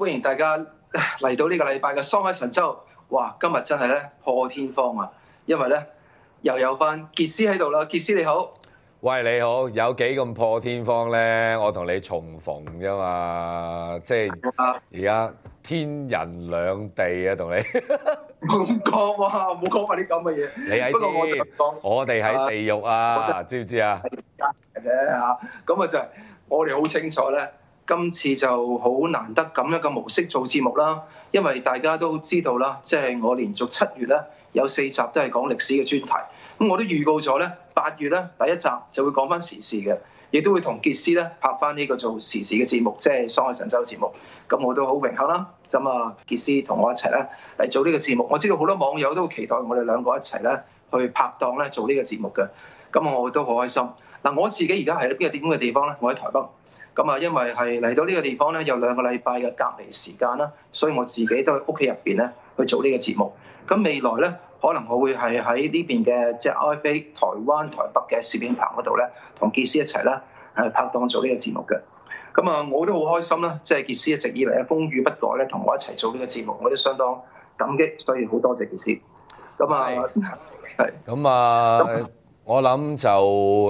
歡迎大家嚟到呢個禮拜嘅《桑海神州》。哇！今日真係咧破天荒啊，因為咧又有翻傑斯喺度啦。傑斯你好，喂，你好，有幾咁破天荒咧？我同你重逢啫嘛，即係而家天人兩地啊，同你唔好講哇，唔好講埋啲咁嘅嘢。啊啊、你喺天？我哋喺地獄啊，啊獄啊知唔知啊？啫嚇、就係，咁啊就係我哋好清楚咧、啊。今次就好難得咁一嘅模式做節目啦，因為大家都知道啦，即、就、係、是、我連續七月咧有四集都係講歷史嘅專題，咁我都預告咗咧，八月咧第一集就會講翻時事嘅，亦都會同傑斯咧拍翻呢個做時事嘅節目，即係《喪愛神州》節目。咁我都好榮幸啦，咁、就、啊、是、傑斯同我一齊咧嚟做呢個節目。我知道好多網友都期待我哋兩個一齊咧去拍檔咧做呢個節目嘅，咁我都好開心。嗱，我自己而家喺邊個地方咧？我喺台北。咁啊，因為係嚟到呢個地方咧，有兩個禮拜嘅隔離時間啦，所以我自己都喺屋企入邊咧去做呢個節目。咁未來咧，可能我會係喺呢邊嘅即係 I.F. 台灣台北嘅攝影棚嗰度咧，同傑斯一齊啦，誒拍檔做呢個節目嘅。咁啊，我都好開心啦，即係傑斯一直以嚟啊風雨不改咧，同我一齊做呢個節目，我都相當感激，所以好多謝傑斯。咁啊，係是。咁是啊， 我諗就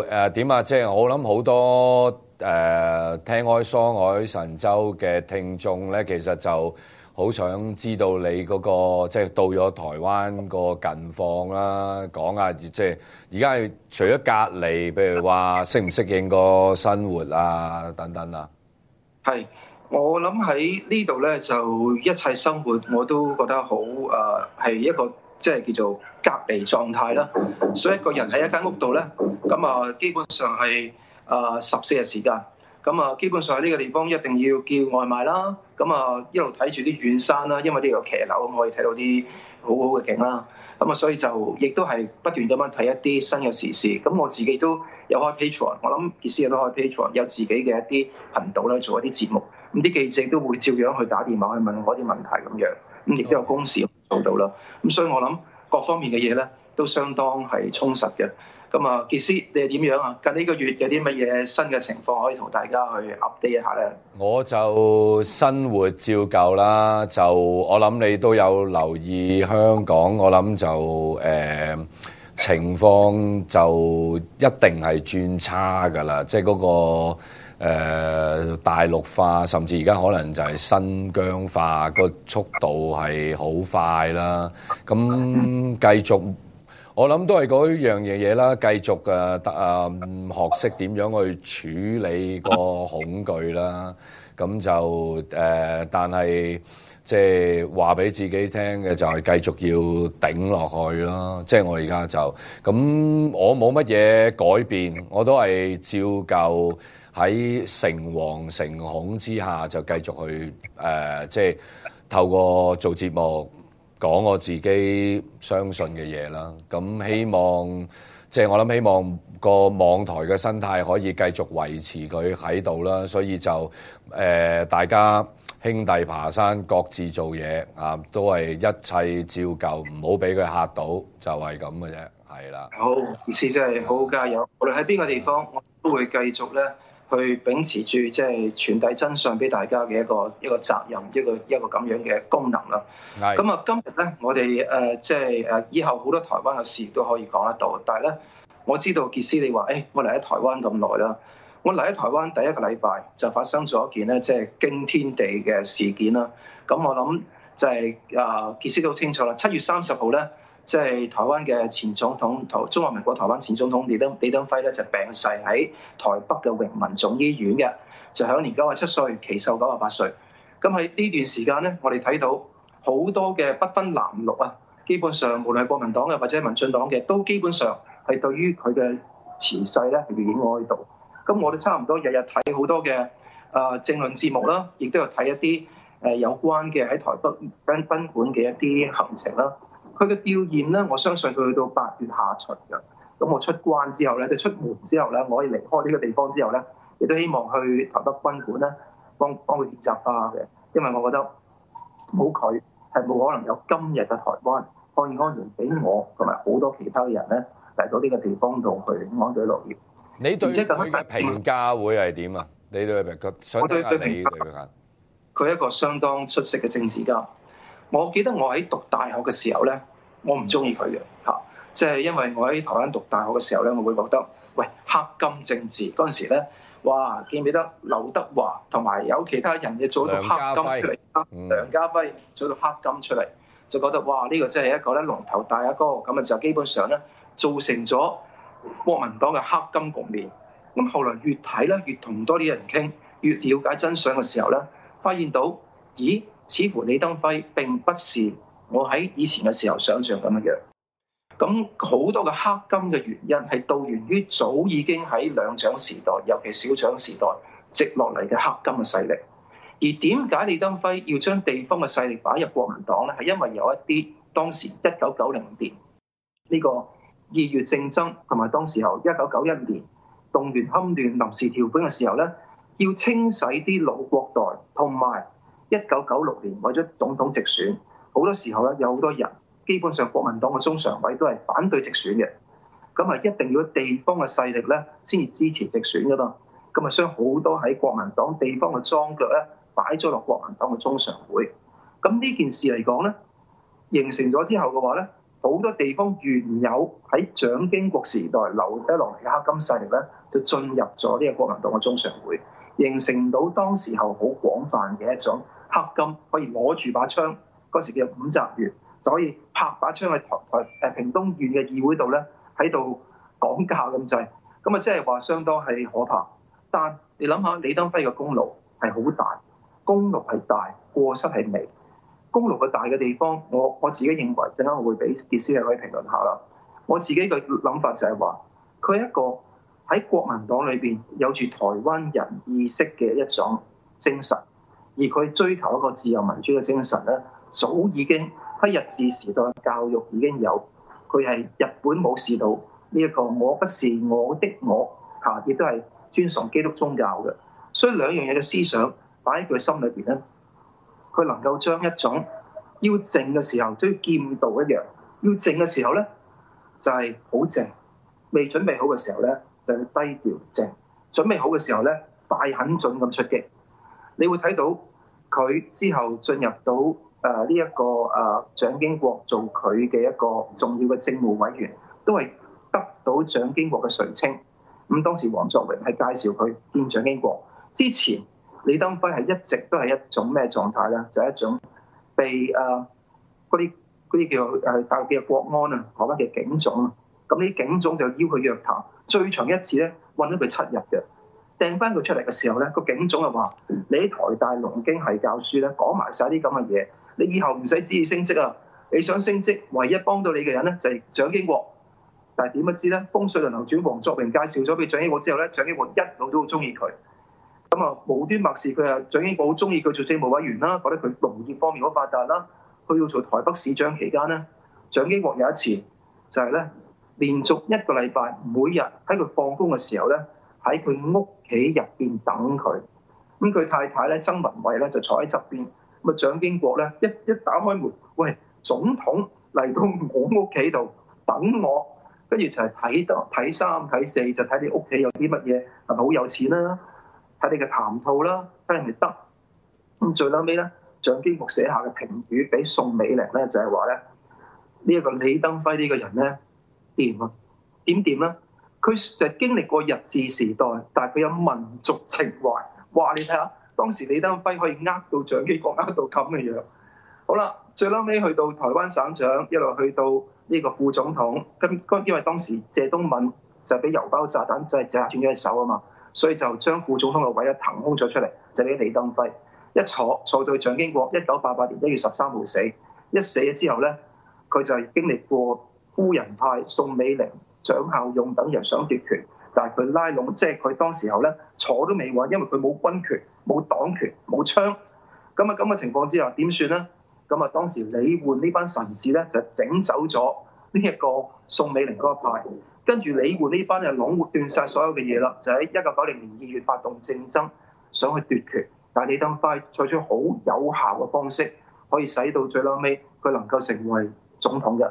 誒點、呃、啊，即、就、係、是、我諗好多。誒、uh, 聽開《桑海神州》嘅聽眾咧，其實就好想知道你嗰、那個即係、就是、到咗台灣個近況啦，講下即係而家係除咗隔離，譬如話適唔適應個生活啊等等啊。係，我諗喺呢度咧，就一切生活我都覺得好誒，係、uh, 一個即係、就是、叫做隔離狀態啦。所以一個人喺一間屋度咧，咁啊基本上係。啊十四日時間，咁、嗯、啊基本上喺呢個地方一定要叫外賣啦，咁、嗯、啊、嗯、一路睇住啲遠山啦，因為呢個騎樓可以睇到啲好好嘅景啦，咁、嗯、啊所以就亦都係不斷咁樣睇一啲新嘅時事，咁、嗯、我自己都有開 Patreon 我諗件事都開 Patreon 有自己嘅一啲頻道啦，做一啲節目，咁、嗯、啲記者都會照樣去打電話去問我啲問題咁樣，咁、嗯、亦都有公事做到啦，咁、嗯、所以我諗各方面嘅嘢咧都相當係充實嘅。咁啊，傑斯，你係點樣啊？近呢個月有啲乜嘢新嘅情況可以同大家去 update 一下咧？我就生活照舊啦，就我諗你都有留意香港，我諗就誒情況就一定係轉差噶啦，即係嗰個誒大陸化，甚至而家可能就係新疆化，個速度係好快啦。咁繼續。我諗都係嗰樣嘢嘢啦，繼續嘅得啊，學識點樣去處理個恐懼啦。咁就誒，但係即係話俾自己聽嘅就係繼續要頂落去啦。即係我而家就咁，我冇乜嘢改變，我都係照舊喺誠惶誠恐之下就繼續去誒，即係透過做節目。講我自己相信嘅嘢啦，咁希望即係我諗希望個網台嘅生態可以繼續維持佢喺度啦，所以就誒、呃、大家兄弟爬山，各自做嘢啊，都係一切照舊，唔好俾佢嚇到，就係咁嘅啫，係啦。好，意思真係好好加油，無、嗯、論喺邊個地方，我都會繼續咧。去秉持住即係傳遞真相俾大家嘅一個一個責任，一個一個咁樣嘅功能啦。咁啊的，今日咧，我哋誒即係誒，以後好多台灣嘅事都可以講得到。但係咧，我知道傑斯你話誒，我嚟喺台灣咁耐啦，我嚟喺台灣第一個禮拜就發生咗一件咧，即係驚天地嘅事件啦。咁我諗就係啊，傑斯都清楚啦。七月三十號咧。即係台灣嘅前總統，台中華民國台灣前總統李登李登輝咧，就病逝喺台北嘅榮民總醫院嘅，就享年九十七歲，其壽九十八歲。咁喺呢段時間咧，我哋睇到好多嘅不分藍綠啊，基本上無論係國民黨嘅或者民進黨嘅，都基本上係對於佢嘅辭世咧，係惋哀悼。咁我哋差唔多日日睇好多嘅啊、呃、政論節目啦，亦都有睇一啲誒、呃、有關嘅喺台北間賓館嘅一啲行程啦。佢嘅弔唁咧，我相信佢去到八月下旬嘅。咁我出關之後咧，即出門之後咧，我可以離開呢個地方之後咧，亦都希望去台北賓館咧，幫幫佢協責下嘅。因為我覺得冇佢係冇可能有今日嘅台灣可以安然全俾我同埋好多其他嘅人咧嚟到呢個地方度去安居樂業。你對佢嘅評價會係點啊？嗯、你對佢想聽聽聽我對佢評價？佢一個相當出色嘅政治家。我記得我喺讀大學嘅時候咧，我唔中意佢嘅嚇，即係因為我喺台灣讀大學嘅時候咧，我會覺得喂，黑金政治嗰陣時咧，哇見唔見得劉德華同埋有其他人嘅做到黑金出嚟，梁家，嗯、梁家輝做到黑金出嚟，就覺得哇呢、呢個真係一個咧龍頭大阿哥，咁啊就基本上咧造成咗國民黨嘅黑金局面。咁後來越睇咧，越同多啲人傾，越了解真相嘅時候咧，發現到咦？似乎李登輝並不是我喺以前嘅時候想象咁樣，咁好多嘅黑金嘅原因係導源於早已經喺兩蔣時代，尤其小蔣時代積落嚟嘅黑金嘅勢力。而點解李登輝要將地方嘅勢力擺入國民黨呢？係因為有一啲當時一九九零年呢個二月政爭，同埋當時候一九九一年動員、戡亂、臨時條款嘅時候呢，要清洗啲老國代同埋。一九九六年為咗總統直選，好多時候咧有好多人，基本上國民黨嘅中常委都係反對直選嘅，咁啊一定要地方嘅勢力咧先至支持直選噶嘛，咁啊將好多喺國民黨地方嘅莊腳咧擺咗落國民黨嘅中常會，咁呢件事嚟講咧，形成咗之後嘅話咧，好多地方原有喺蔣經國時代留低落嚟嘅黑金勢力咧，就進入咗呢個國民黨嘅中常會。形成到當時候好廣泛嘅一種黑金，可以攞住把槍嗰時叫五執元，所以拍把槍去台誒屏東縣嘅議會度咧，喺度講價咁滯，咁啊即係話相當係可怕。但你諗下李登輝嘅功勞係好大，功勞係大過失係微。功勞嘅大嘅地方，我我自己認為，陣間我會俾傑斯嘅可以評論下啦。我自己嘅諗法就係話，佢係一個。喺國民黨裏邊有住台灣人意識嘅一種精神，而佢追求一個自由民主嘅精神咧，早已經喺日治時代教育已經有。佢係日本武士道，呢一個我不是我的我嚇，亦、啊、都係尊崇基督宗教嘅。所以兩樣嘢嘅思想擺喺佢心裏邊咧，佢能夠將一種要靜嘅時候，將劍道一樣要靜嘅時候咧，就係、是、好靜。未準備好嘅時候咧。低調正準備好嘅時候咧，快狠準咁出擊。你會睇到佢之後進入到誒呢一個誒、呃、蔣經國做佢嘅一個重要嘅政務委員，都係得到蔣經國嘅垂青。咁、嗯、當時王作榮係介紹佢見蔣經國。之前李登輝係一直都係一種咩狀態咧？就係、是、一種被誒嗰啲啲叫誒大陸叫做國安啊，台灣嘅警總啊，咁呢啲警總就邀佢約談。最長一次咧，搵咗佢七日嘅，掟翻佢出嚟嘅時候咧，個警總啊話：你喺台大農經系教書咧，講埋晒啲咁嘅嘢，你以後唔使旨意升職啊！你想升職，唯一幫到你嘅人咧就係、是、蔣經國。但係點不知咧？風水輪流轉，王作榮介紹咗俾蔣經國之後咧，蔣經國一路都好中意佢。咁啊，無端默視佢啊！蔣經國好中意佢做政務委員啦，覺得佢農業方面好發達啦。佢要做台北市長期間咧，蔣經國有一次就係咧。連續一個禮拜，每日喺佢放工嘅時候咧，喺佢屋企入邊等佢。咁佢太太咧，曾文惠咧就坐喺側邊。咁啊，蔣經國咧一一打開門，喂，總統嚟到我屋企度等我。跟住就係睇得睇三睇四，就睇你屋企有啲乜嘢，係咪好有錢啦、啊？睇你嘅談吐啦、啊，睇唔睇得。咁最撚尾咧，蔣經國寫下嘅評語俾宋美齡咧，就係話咧，呢、這、一個李登輝呢個人咧。點啊？點點咧？佢就經歷過日治時代，但係佢有民族情懷。哇！你睇下當時李登輝可以呃到蔣經國呃到咁嘅樣。好啦，最嬲尾去到台灣省長，一路去到呢個副總統。咁因為當時謝東敏就俾郵包炸彈就係炸斷咗隻手啊嘛，所以就將副總統嘅位一騰空咗出嚟，就俾、是、李登輝一坐坐到蔣經國一九八八年一月十三號死。一死咗之後咧，佢就經歷過。夫人派宋美齡、蔣孝勇等人想奪權，但係佢拉攏，即係佢當時候咧坐都未穩，因為佢冇軍權、冇黨權、冇槍，咁啊，咁嘅情況之下點算咧？咁啊，當時李煥呢班臣子咧就整走咗呢一個宋美齡嗰派，跟住李煥呢班就壟斷曬所有嘅嘢啦，就喺一九九零年二月發動政爭，想去奪權，但係李登輝採取好有效嘅方式，可以使到最嬲尾佢能夠成為總統嘅。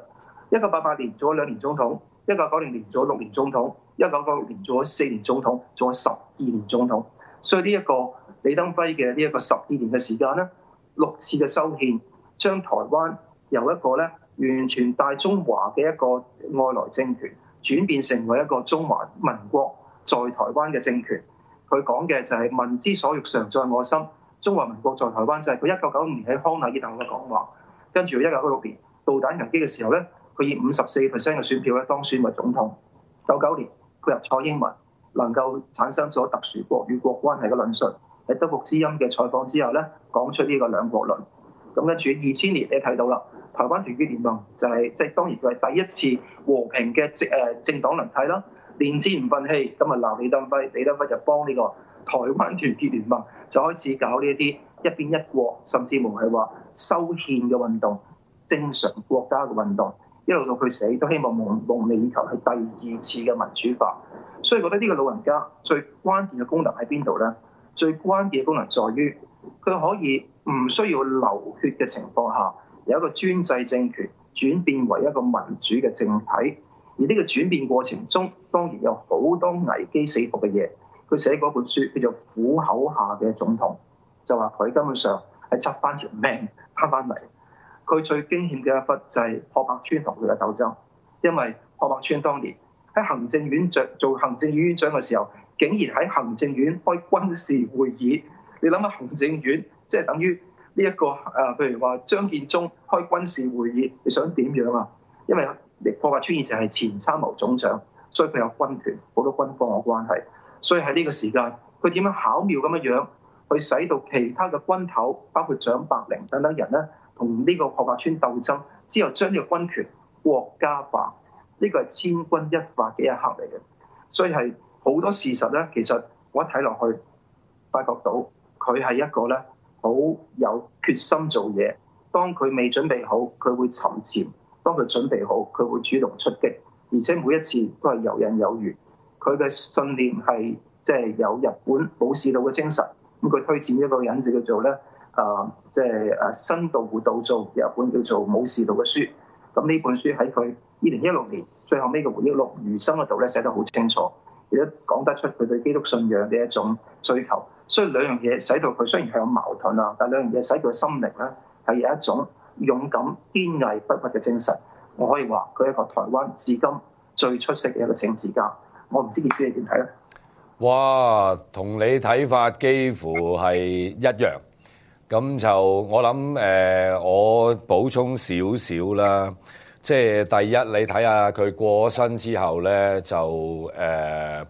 一九八八年做咗兩年總統，一九九零年做咗六年總統，一九九六年做咗四年總統，做咗十二年總統。所以呢一個李登輝嘅呢一個十二年嘅時間咧，六次嘅修憲，將台灣由一個咧完全大中華嘅一個外來政權，轉變成為一個中華民國在台灣嘅政權。佢講嘅就係民之所欲，常在我心。中華民國在台灣就係佢一九九五年喺康乃爾大學嘅講話，跟住佢一九九六年導彈危機嘅時候咧。佢以五十四 percent 嘅選票咧當選為總統。九九年佢合蔡英文，能夠產生咗特殊國與國關係嘅論述。喺德國之音嘅採訪之後咧，講出呢個兩國論。咁跟住二千年你睇到啦，台灣團結聯盟就係即係當然佢係第一次和平嘅政誒政黨輪替啦。連戰唔忿氣，咁啊鬧李登輝，李登輝就幫呢個台灣團結聯盟就開始搞呢一啲一邊一國，甚至乎係話修憲嘅運動，正常國家嘅運動。一路到佢死都希望夢夢寐以求係第二次嘅民主化，所以覺得呢個老人家最關鍵嘅功能喺邊度呢？最關鍵嘅功能在於佢可以唔需要流血嘅情況下，由一個專制政權轉變為一個民主嘅政體。而呢個轉變過程中，當然有好多危機四伏嘅嘢。佢寫嗰本書叫做《虎口下嘅總統》，就話佢根本上係執翻條命翻翻嚟。佢最驚險嘅一忽就係郝柏村同佢嘅鬥爭，因為郝柏村當年喺行政院做做行政院長嘅時候，竟然喺行政院開軍事會議。你諗下，行政院即係等於呢一個誒，譬、啊、如話張建宗開軍事會議，你想點樣啊？因為郝柏村以前係前參謀總長，所以佢有軍團好多軍方嘅關係，所以喺呢個時間，佢點樣巧妙咁樣樣去使到其他嘅軍頭，包括蔣百靈等等人咧？同呢個郝柏村鬥爭之後，將呢個軍權國家化，呢個係千鈞一髮嘅一刻嚟嘅，所以係好多事實咧。其實我一睇落去，發覺到佢係一個咧好有決心做嘢。當佢未準備好，佢會沉潛；當佢準備好，佢會主動出擊，而且每一次都係游刃有餘。佢嘅信念係即係有日本武士道嘅精神。咁佢推薦一個人就叫做咧。啊，即係啊，新渡戶稻造有一本叫做《武士道》嘅書，咁呢本書喺佢二零一六年最後呢個回憶錄《餘生》嘅度咧寫得好清楚，亦都講得出佢對基督信仰嘅一種追求。所以兩樣嘢使到佢雖然係有矛盾啊，但兩樣嘢使佢嘅心靈咧係有一種勇敢堅毅不屈嘅精神。我可以話佢係一個台灣至今最出色嘅一個政治家。我唔知葉先生點睇咧？哇，同你睇法幾乎係一樣。咁就我諗誒、呃，我補充少少啦，即係第一，你睇下佢過身之後咧，就誒，呃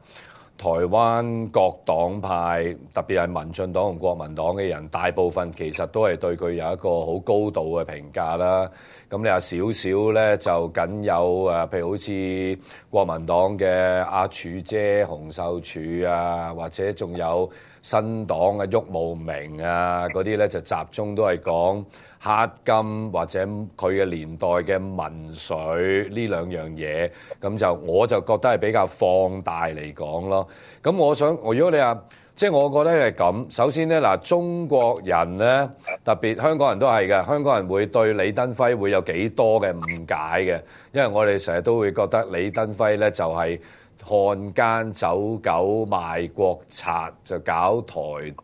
台灣各黨派特別係民進黨同國民黨嘅人，大部分其實都係對佢有一個好高度嘅評價啦。咁你話少少呢，就僅有誒，譬如好似國民黨嘅阿、啊、柱姐洪秀柱啊，或者仲有新黨嘅郁慕明啊嗰啲呢，就集中都係講黑金或者佢嘅年代嘅民粹呢兩樣嘢，咁就我就覺得係比較放大嚟講咯。咁我想，如果你啊即係我覺得係咁。首先咧，嗱，中國人咧，特別香港人都係嘅，香港人會對李登輝會有幾多嘅誤解嘅，因為我哋成日都會覺得李登輝咧就係、是、漢奸走狗賣國賊就搞台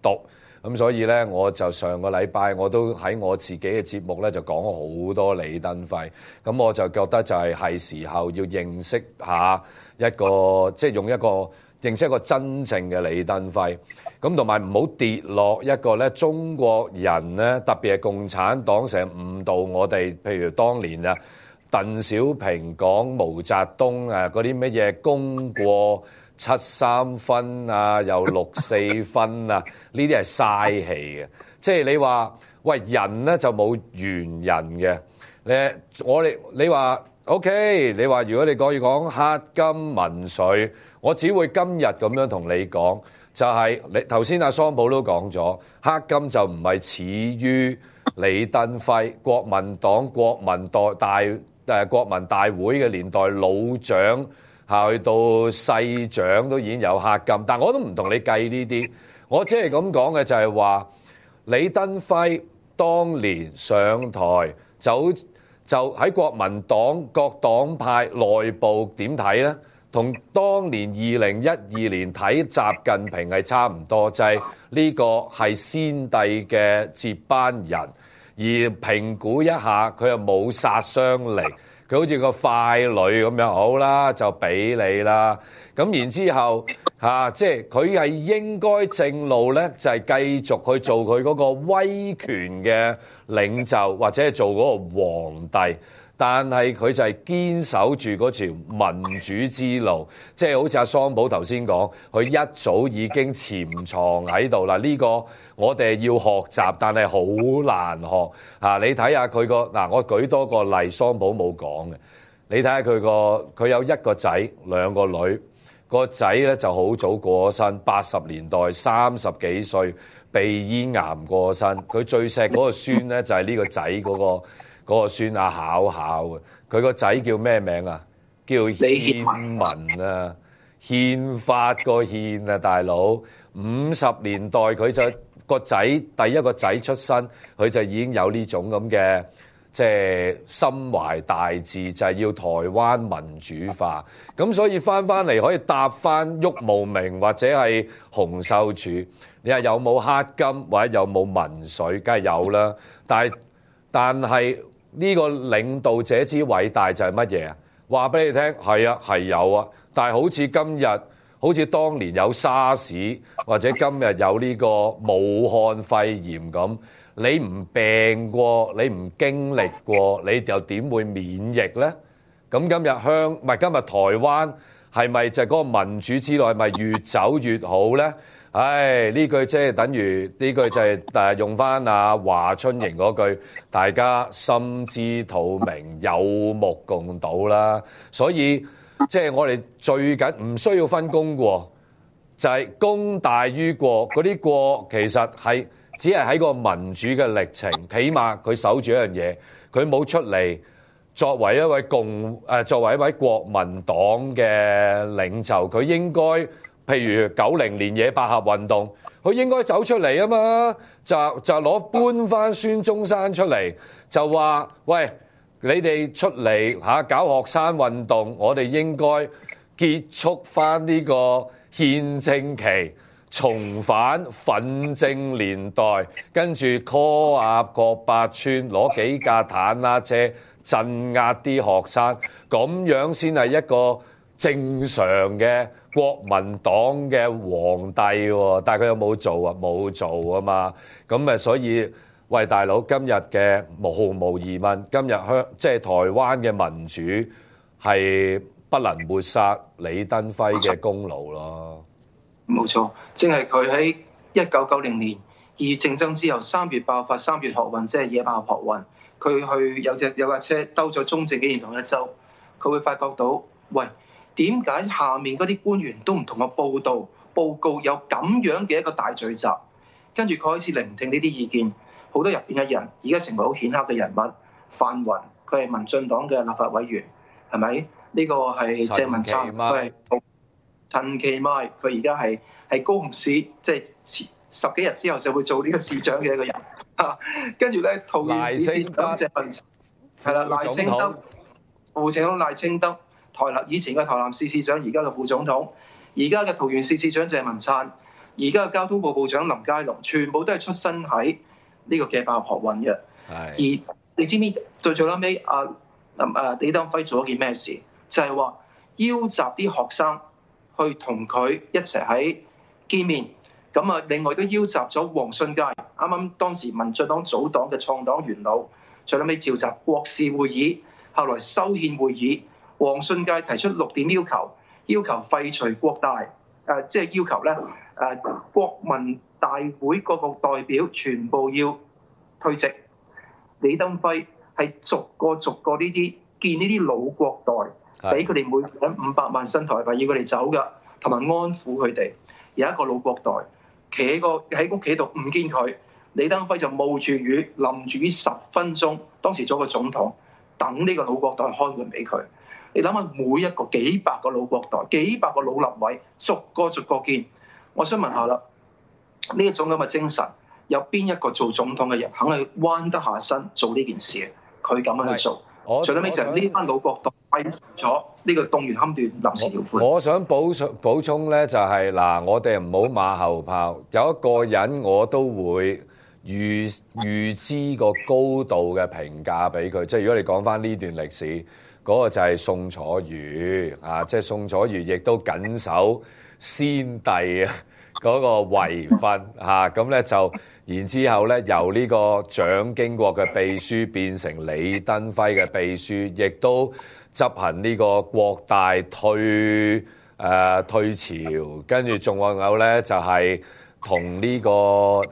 獨。咁所以呢，我就上個禮拜我都喺我自己嘅節目呢，就講好多李登輝。咁我就覺得就係係時候要認識下一個，即係用一個認識一個真正嘅李登輝。咁同埋唔好跌落一個呢中國人呢，特別係共產黨成誤導我哋，譬如當年啊，鄧小平講毛澤東啊，嗰啲乜嘢功過。七三分啊，又六四分啊，呢啲係嘥氣嘅。即係你話喂，人呢就冇完人嘅。誒，我哋你話 OK，你話如果你講要講黑金文水，我只會今日咁樣同你講，就係、是、你頭先阿桑寶都講咗，黑金就唔係始於李登輝、國民黨、國民代大誒國民大會嘅年代老蔣。下去到細長都已經有客金，但我都唔同你計呢啲。我即係咁講嘅就係話，李登輝當年上台就，就就喺國民黨各黨派內部點睇呢？同當年二零一二年睇習近平係差唔多就係。呢個係先帝嘅接班人，而評估一下佢又冇殺傷力。佢好似個傀儡咁樣，好啦，就俾你啦。咁然之後，嚇、啊，即係佢係應該正路呢，就係、是、繼續去做佢嗰個威權嘅領袖，或者做嗰個皇帝。但係佢就係堅守住嗰條民主之路，即、就、係、是、好似阿桑寶頭先講，佢一早已經潛藏喺度啦。呢、這個我哋要學習，但係好難學嚇、啊。你睇下佢個嗱，我舉多個例，桑寶冇講嘅，你睇下佢個佢有一個仔兩個女，個仔呢就好早過身，八十年代三十幾歲鼻咽癌過身。佢最錫嗰個孫呢就係、是、呢個仔嗰、那個。嗰個孫阿考考啊，佢個仔叫咩名啊？叫李憲文啊，憲法個憲啊，大佬五十年代佢就個仔第一個仔出身，佢就已經有呢種咁嘅即係心懷大志，就係、是、要台灣民主化。咁所以翻翻嚟可以搭翻郁慕明，或者係洪秀柱，你話有冇黑金或者有冇民粹？梗係有啦，但係但係。呢個領導者之偉大就係乜嘢啊？話俾你聽，係啊，係有啊，但係好似今日，好似當年有沙士，或者今日有呢個武漢肺炎咁，你唔病過，你唔經歷過，你就點會免疫呢？咁今日香唔係今日台灣係咪就係嗰個民主之路，係咪越走越好呢？唉，呢句即係等於呢句就係誒用翻阿華春瑩嗰句，大家心知肚明，有目共睹啦。所以即係我哋最緊唔需要分功過，就係功大於過。嗰啲過其實係只係喺個民主嘅歷程，起碼佢守住一樣嘢，佢冇出嚟作為一位共誒作為一位國民黨嘅領袖，佢應該。譬如九零年野百合運動，佢應該走出嚟啊嘛，就就攞搬翻孫中山出嚟，就話：喂，你哋出嚟嚇、啊、搞學生運動，我哋應該結束翻呢個憲政期，重返憤政年代，跟住 call 下個郝柏村攞幾架坦啦車鎮壓啲學生，咁樣先係一個正常嘅。國民黨嘅皇帝喎，但係佢有冇做啊？冇做啊嘛，咁咪所以，喂大佬，今日嘅毫無疑問，今日香即係台灣嘅民主係不能抹殺李登輝嘅功勞咯。冇錯，正係佢喺一九九零年二月政爭之後，三月爆發三月學運，即係野百合學運，佢去有隻有架車兜咗中正紀念堂一週，佢會發覺到，喂。點解下面嗰啲官員都唔同我報道報告有咁樣嘅一個大聚集？跟住佢開始聆聽呢啲意見，好多入邊嘅人而家成為好顯赫嘅人物。范雲，佢係民進黨嘅立法委員，係咪？呢、這個係鄭文燦，佢係陳其邁，佢而家係係高雄市，即、就、係、是、十幾日之後就會做呢個市長嘅一個人。跟住咧，桃園市市長鄭文燦，係啦，賴清德，副總統賴清德。台南以前嘅台南市市長，而家嘅副總統；而家嘅桃園市市長謝文燦；而家嘅交通部部長林佳龍，全部都係出身喺呢個嘅爆學運嘅。的而你知唔知最最後尾阿林阿李登輝做咗件咩事？就係、是、話邀集啲學生去同佢一齊喺見面，咁啊，另外都邀集咗黃信介，啱啱當時民進黨組黨嘅創黨元老，最後尾召集國事會議，後來修憲會議。黃信介提出六點要求，要求廢除國大，誒、呃、即係要求咧誒、呃、國民大會各個代表全部要退席。李登輝係逐個逐個呢啲見呢啲老國代，俾佢哋每人五百萬新台幣要佢哋走噶，同埋安撫佢哋。有一個老國代企個喺屋企度唔見佢，李登輝就冒住雨淋住雨十分鐘，當時做個總統等呢個老國代開門俾佢。你諗下，每一個幾百個老國代、幾百個老立委，逐個逐個見。我想問下啦，呢一種咁嘅精神，有邊一個做總統嘅人肯去彎得下身做呢件事？佢咁樣去做，最屘就係呢班老國代為咗呢個動員戡亂臨時條款。我，我想補充補充咧，就係、係、嗱，我哋唔好馬後炮。有一個人，我都會預預知個高度嘅評價俾佢。即係如果你講返呢段歷史。嗰個就係宋楚瑜啊，即係宋楚瑜亦都緊守先帝嗰個遺訓咁呢、啊、就然之後呢，由呢個蔣經國嘅秘書變成李登輝嘅秘書，亦都執行呢個國大退誒、呃、退朝，跟住仲有呢，就係同呢個誒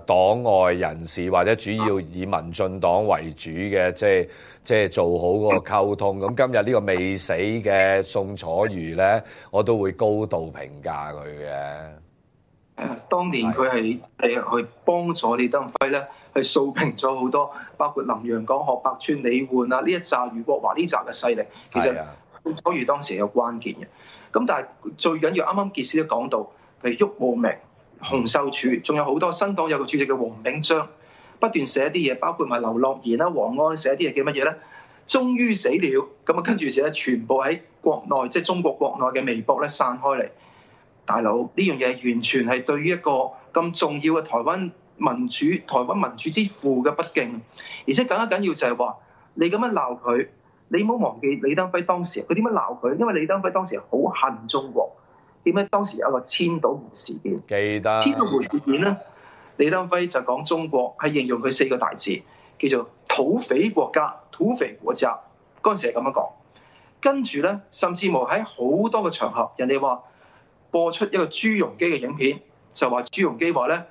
黨、呃、外人士或者主要以民進黨為主嘅即係。即係做好嗰個溝通，咁今日呢個未死嘅宋楚瑜咧，我都會高度評價佢嘅。誒，當年佢係係去幫助李登輝咧，係掃平咗好多，包括林洋港、郝柏村、李煥啊呢一紮，與郭華呢紮嘅勢力，其實宋的楚瑜當時有關鍵嘅。咁但係最緊要啱啱傑斯都講到，係郁慕明、洪秀柱，仲有好多新黨有個主席嘅黃炳章。不斷寫啲嘢，包括埋劉諾言啦、王安寫啲嘢叫乜嘢咧？終於死了，咁啊跟住就咧全部喺國內，即係中國國內嘅微博咧散開嚟。大佬，呢樣嘢完全係對於一個咁重要嘅台灣民主、台灣民主之父嘅不敬，而且更加緊要就係話你咁樣鬧佢，你唔好忘記李登輝當時佢點樣鬧佢，因為李登輝當時好恨中國，點解當時有一個千島湖事件？記得千島湖事件啦。李登輝就講中國係形容佢四個大字，叫做土匪國家、土匪國家。嗰陣時係咁樣講，跟住咧，甚至無喺好多個場合，人哋話播出一個朱鎔基嘅影片，就話朱鎔基話咧，呢、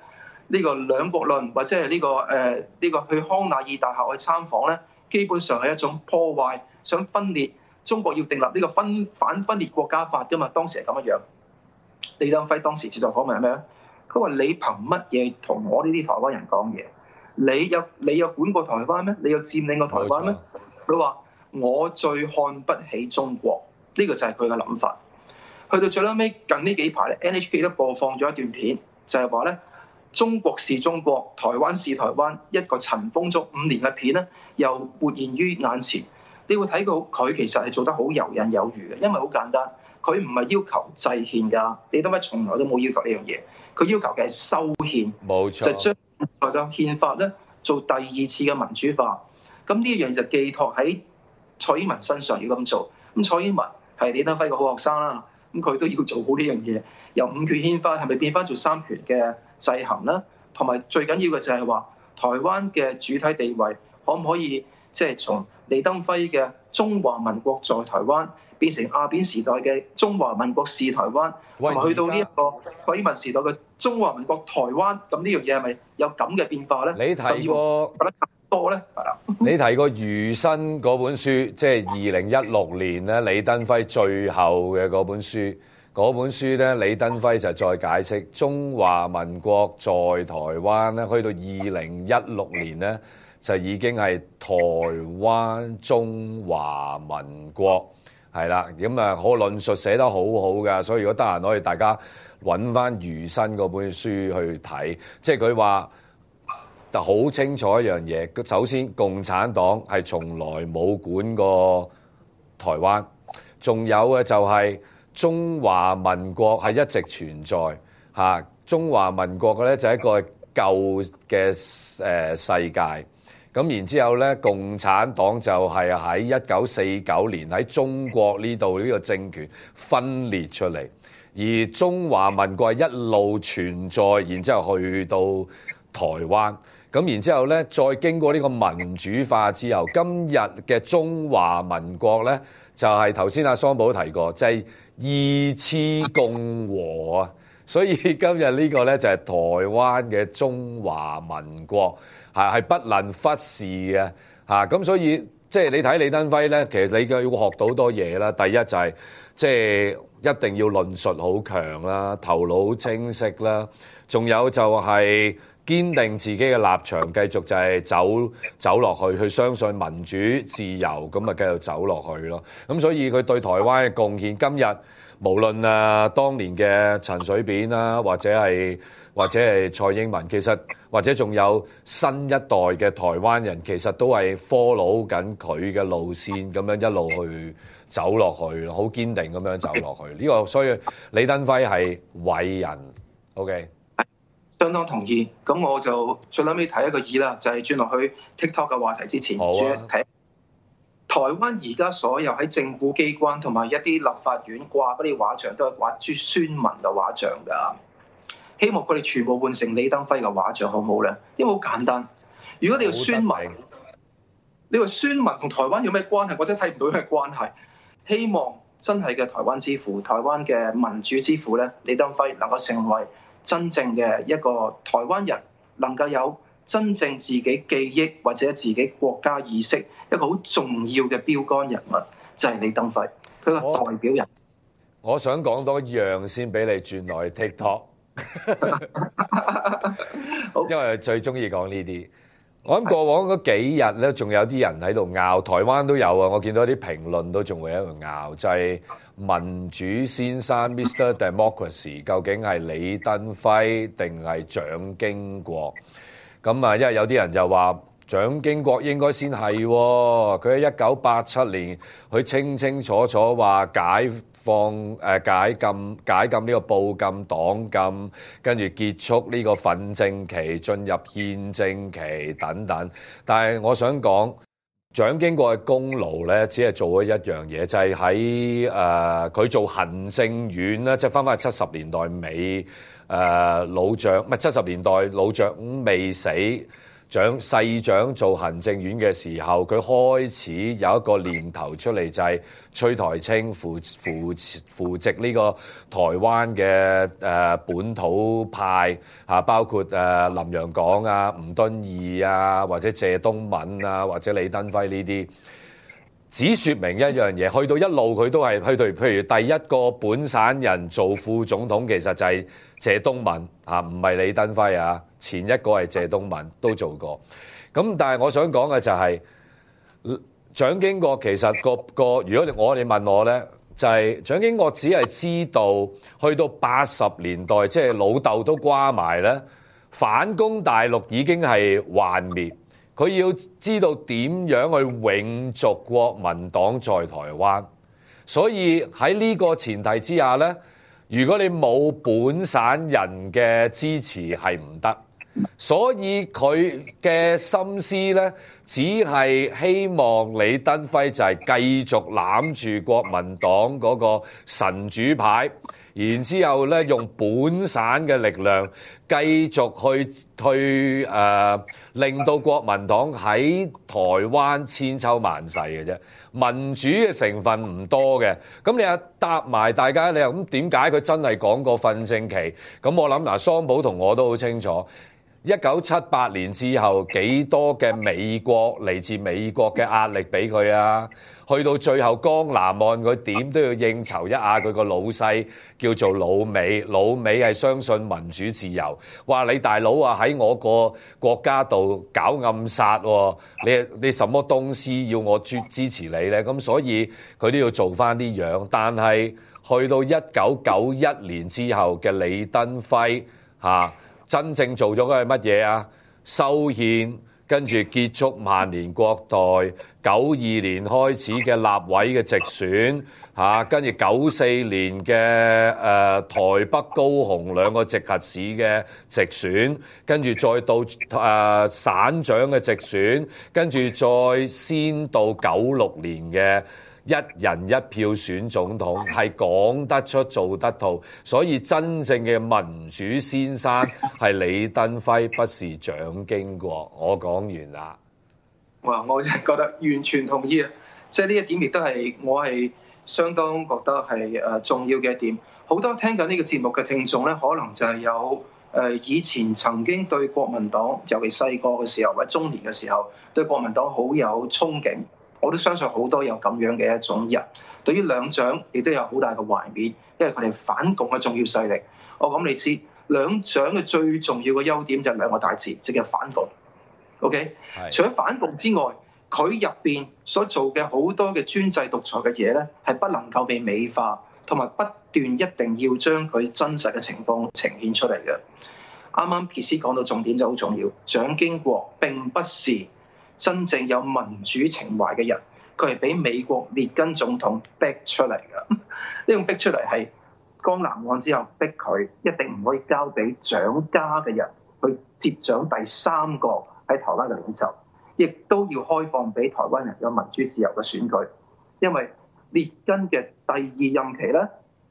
呢個兩國論或者係、這、呢個誒呢、呃呢個去康乃爾大學去參訪咧，基本上係一種破壞、想分裂中國，要訂立呢個分反分裂國家法噶嘛。當時係咁樣樣。李登輝當時接受訪問係咩咧？佢話：你憑乜嘢同我呢啲台灣人講嘢？你有你有管過台灣咩？你有佔領過台灣咩？佢話錯：我最看不起中國，呢、呢個就係佢嘅諗法。去到最撚尾近呢幾排咧 NHK 都播放咗一段片，就係話咧中國是中國，台灣是台灣，一個塵封足五年嘅片咧，又活現於眼前。你會睇到佢其實係做得好遊刃有餘嘅，因為好簡單，佢唔係要求制憲㗎。你都係從來都冇要求呢樣嘢。佢要求嘅係修憲，冇錯錯，就將台嘅憲法咧做第二次嘅民主化。咁呢樣就寄託喺蔡英文身上要咁做。咁蔡英文係李登輝個好學生啦，咁佢都要做好呢樣嘢。由五權憲法係咪變翻做三權嘅制衡咧？同埋最緊要嘅就係話，台灣嘅主體地位可唔可以即係從李登輝嘅中華民國在台灣？變成阿扁時代嘅中華民國是台灣，去到呢一個蔡英文時代嘅中華民國台灣，咁呢樣嘢係咪有咁嘅變化呢？你提過，是是覺得多呢。你提過餘生嗰本書，即係二零一六年咧，李登輝最後嘅嗰本書，嗰本書咧，李登輝就再解釋中華民國在台灣咧，去到二零一六年咧，就已經係台灣中華民國。係啦，咁啊，可論述寫得好好嘅，所以如果得閒可以大家揾返餘生嗰本書去睇，即係佢話好清楚一樣嘢。首先，共產黨係從來冇管過台灣，仲有嘅就係中華民國係一直存在嚇。中華民國嘅咧就係一個舊嘅誒世界。咁然之後咧，共產黨就係喺一九四九年喺中國呢度呢個政權分裂出嚟，而中華民國係一路存在，然之後去到台灣。咁然之後咧，再經過呢個民主化之後，今日嘅中華民國咧就係頭先阿桑寶提過，就係二次共和啊。所以今日呢個咧就係台灣嘅中華民國。係不能忽視嘅嚇，咁、啊、所以即係、就是、你睇李登輝呢，其實你嘅要學到好多嘢啦。第一就係即係一定要論述好強啦，頭腦清晰啦，仲有就係堅定自己嘅立場，繼續就係走走落去，去相信民主自由，咁咪繼續走落去咯。咁所以佢對台灣嘅貢獻，今日無論誒、啊、當年嘅陳水扁啦、啊，或者係。或者係蔡英文，其實或者仲有新一代嘅台灣人，其實都係 follow 緊佢嘅路線，咁樣一路去走落去，好堅定咁樣走落去。呢、這個所以李登輝係偉人，OK？相當同意。咁我就最 last 尾提一個議啦，就係、是、轉落去 TikTok 嘅話題之前，睇、啊、台灣而家所有喺政府機關同埋一啲立法院掛嗰啲畫像，都係掛孫文嘅畫像㗎。希望佢哋全部換成李登輝嘅畫像，好唔好咧？因為好簡單。如果你要孫文，你話孫文同台灣有咩關係？我真睇唔到咩關係。希望真係嘅台灣之父、台灣嘅民主之父咧，李登輝能夠成為真正嘅一個台灣人，能夠有真正自己記憶或者自己國家意識一個好重要嘅標竿人物，就係、是、李登輝，佢個代表人。我，我想講多一樣先俾你轉來 TikTok。 因為最中意講呢啲，我諗過往嗰幾日咧，仲有啲人喺度拗，台灣都有啊，我見到啲評論都仲會喺度拗，就係、是、民主先生 Mr. Democracy 究竟係李登輝定係蔣經國？咁啊，因為有啲人就話蔣經國應該先係，佢喺一九八七年，佢清清楚楚話解。放誒解禁、解禁呢個報禁、黨禁，跟住結束呢個訓政期，進入憲政期等等。但係我想講蔣經國嘅功勞咧，只係做咗一樣嘢，就係喺誒佢做行政院啦，即係翻返去七十年代尾誒、呃、老蔣，唔係七十年代老蔣未死。長細長做行政院嘅時候，佢開始有一個念頭出嚟，就係催台青扶扶扶植呢個台灣嘅誒、呃、本土派嚇、啊，包括誒、呃、林洋港啊、吳敦義啊，或者謝東閔啊，或者李登輝呢啲，只説明一樣嘢，去到一路佢都係去到。譬如第一個本省人做副總統，其實就係、是。謝東閔啊，唔、啊、係李登輝啊，前一個係謝東閔都做過，咁但係我想講嘅就係、是、蔣經國其實個個，如果你我你問我呢，就係、是、蔣經國只係知道去到八十年代，即係老豆都瓜埋咧，反攻大陸已經係幻滅，佢要知道點樣去永續國民黨在台灣，所以喺呢個前提之下呢。如果你冇本省人嘅支持係唔得，所以佢嘅心思咧，只係希望李登輝就係繼續攬住國民黨嗰個神主牌。然之後咧，用本省嘅力量繼續去去誒、呃，令到國民黨喺台灣千秋萬世嘅啫。民主嘅成分唔多嘅，咁你又搭埋大家，你又咁點解佢真係講過憲政期？咁我諗嗱，桑普同我都好清楚。一九七八年之後，幾多嘅美國嚟自美國嘅壓力俾佢啊？去到最後，江南岸佢點都要應酬一下佢個老細，叫做老美。老美係相信民主自由，話你大佬啊，喺我個國家度搞暗殺，你你什麼東西要我絕支持你呢？咁所以佢都要做翻啲樣。但係去到一九九一年之後嘅李登輝嚇。真正做咗嘅係乜嘢啊？修憲，跟住結束萬年國代，九二年開始嘅立委嘅直選吓，跟住九四年嘅誒、呃、台北高雄兩個直轄市嘅直選，跟住再到誒、呃、省長嘅直選，跟住再先到九六年嘅。一人一票選總統係講得出做得到，所以真正嘅民主先生係李登輝，不是蔣經國。我講完啦。哇！我覺得完全同意啊，即係呢一點亦都係我係相當覺得係誒重要嘅一點。好多聽緊呢個節目嘅聽眾咧，可能就係有誒以前曾經對國民黨，尤其細個嘅時候或者中年嘅時候，對國民黨好有憧憬。我都相信好多有咁樣嘅一種人，對於兩蔣亦都有好大嘅懷緬，因為佢哋反共嘅重要勢力。我講你知，兩蔣嘅最重要嘅優點就係兩個大字，即係反共。OK，是除咗反共之外，佢入邊所做嘅好多嘅專制獨裁嘅嘢咧，係不能夠被美化，同埋不斷一定要將佢真實嘅情況呈現出嚟嘅。啱啱傑斯講到重點就好重要，蔣經國並不是。真正有民主情懷嘅人，佢係俾美國列根總統逼出嚟㗎。呢 個逼出嚟係江南案之後逼佢，一定唔可以交俾蔣家嘅人去接掌第三個喺台灣嘅領袖，亦都要開放俾台灣人有民主自由嘅選舉。因為列根嘅第二任期咧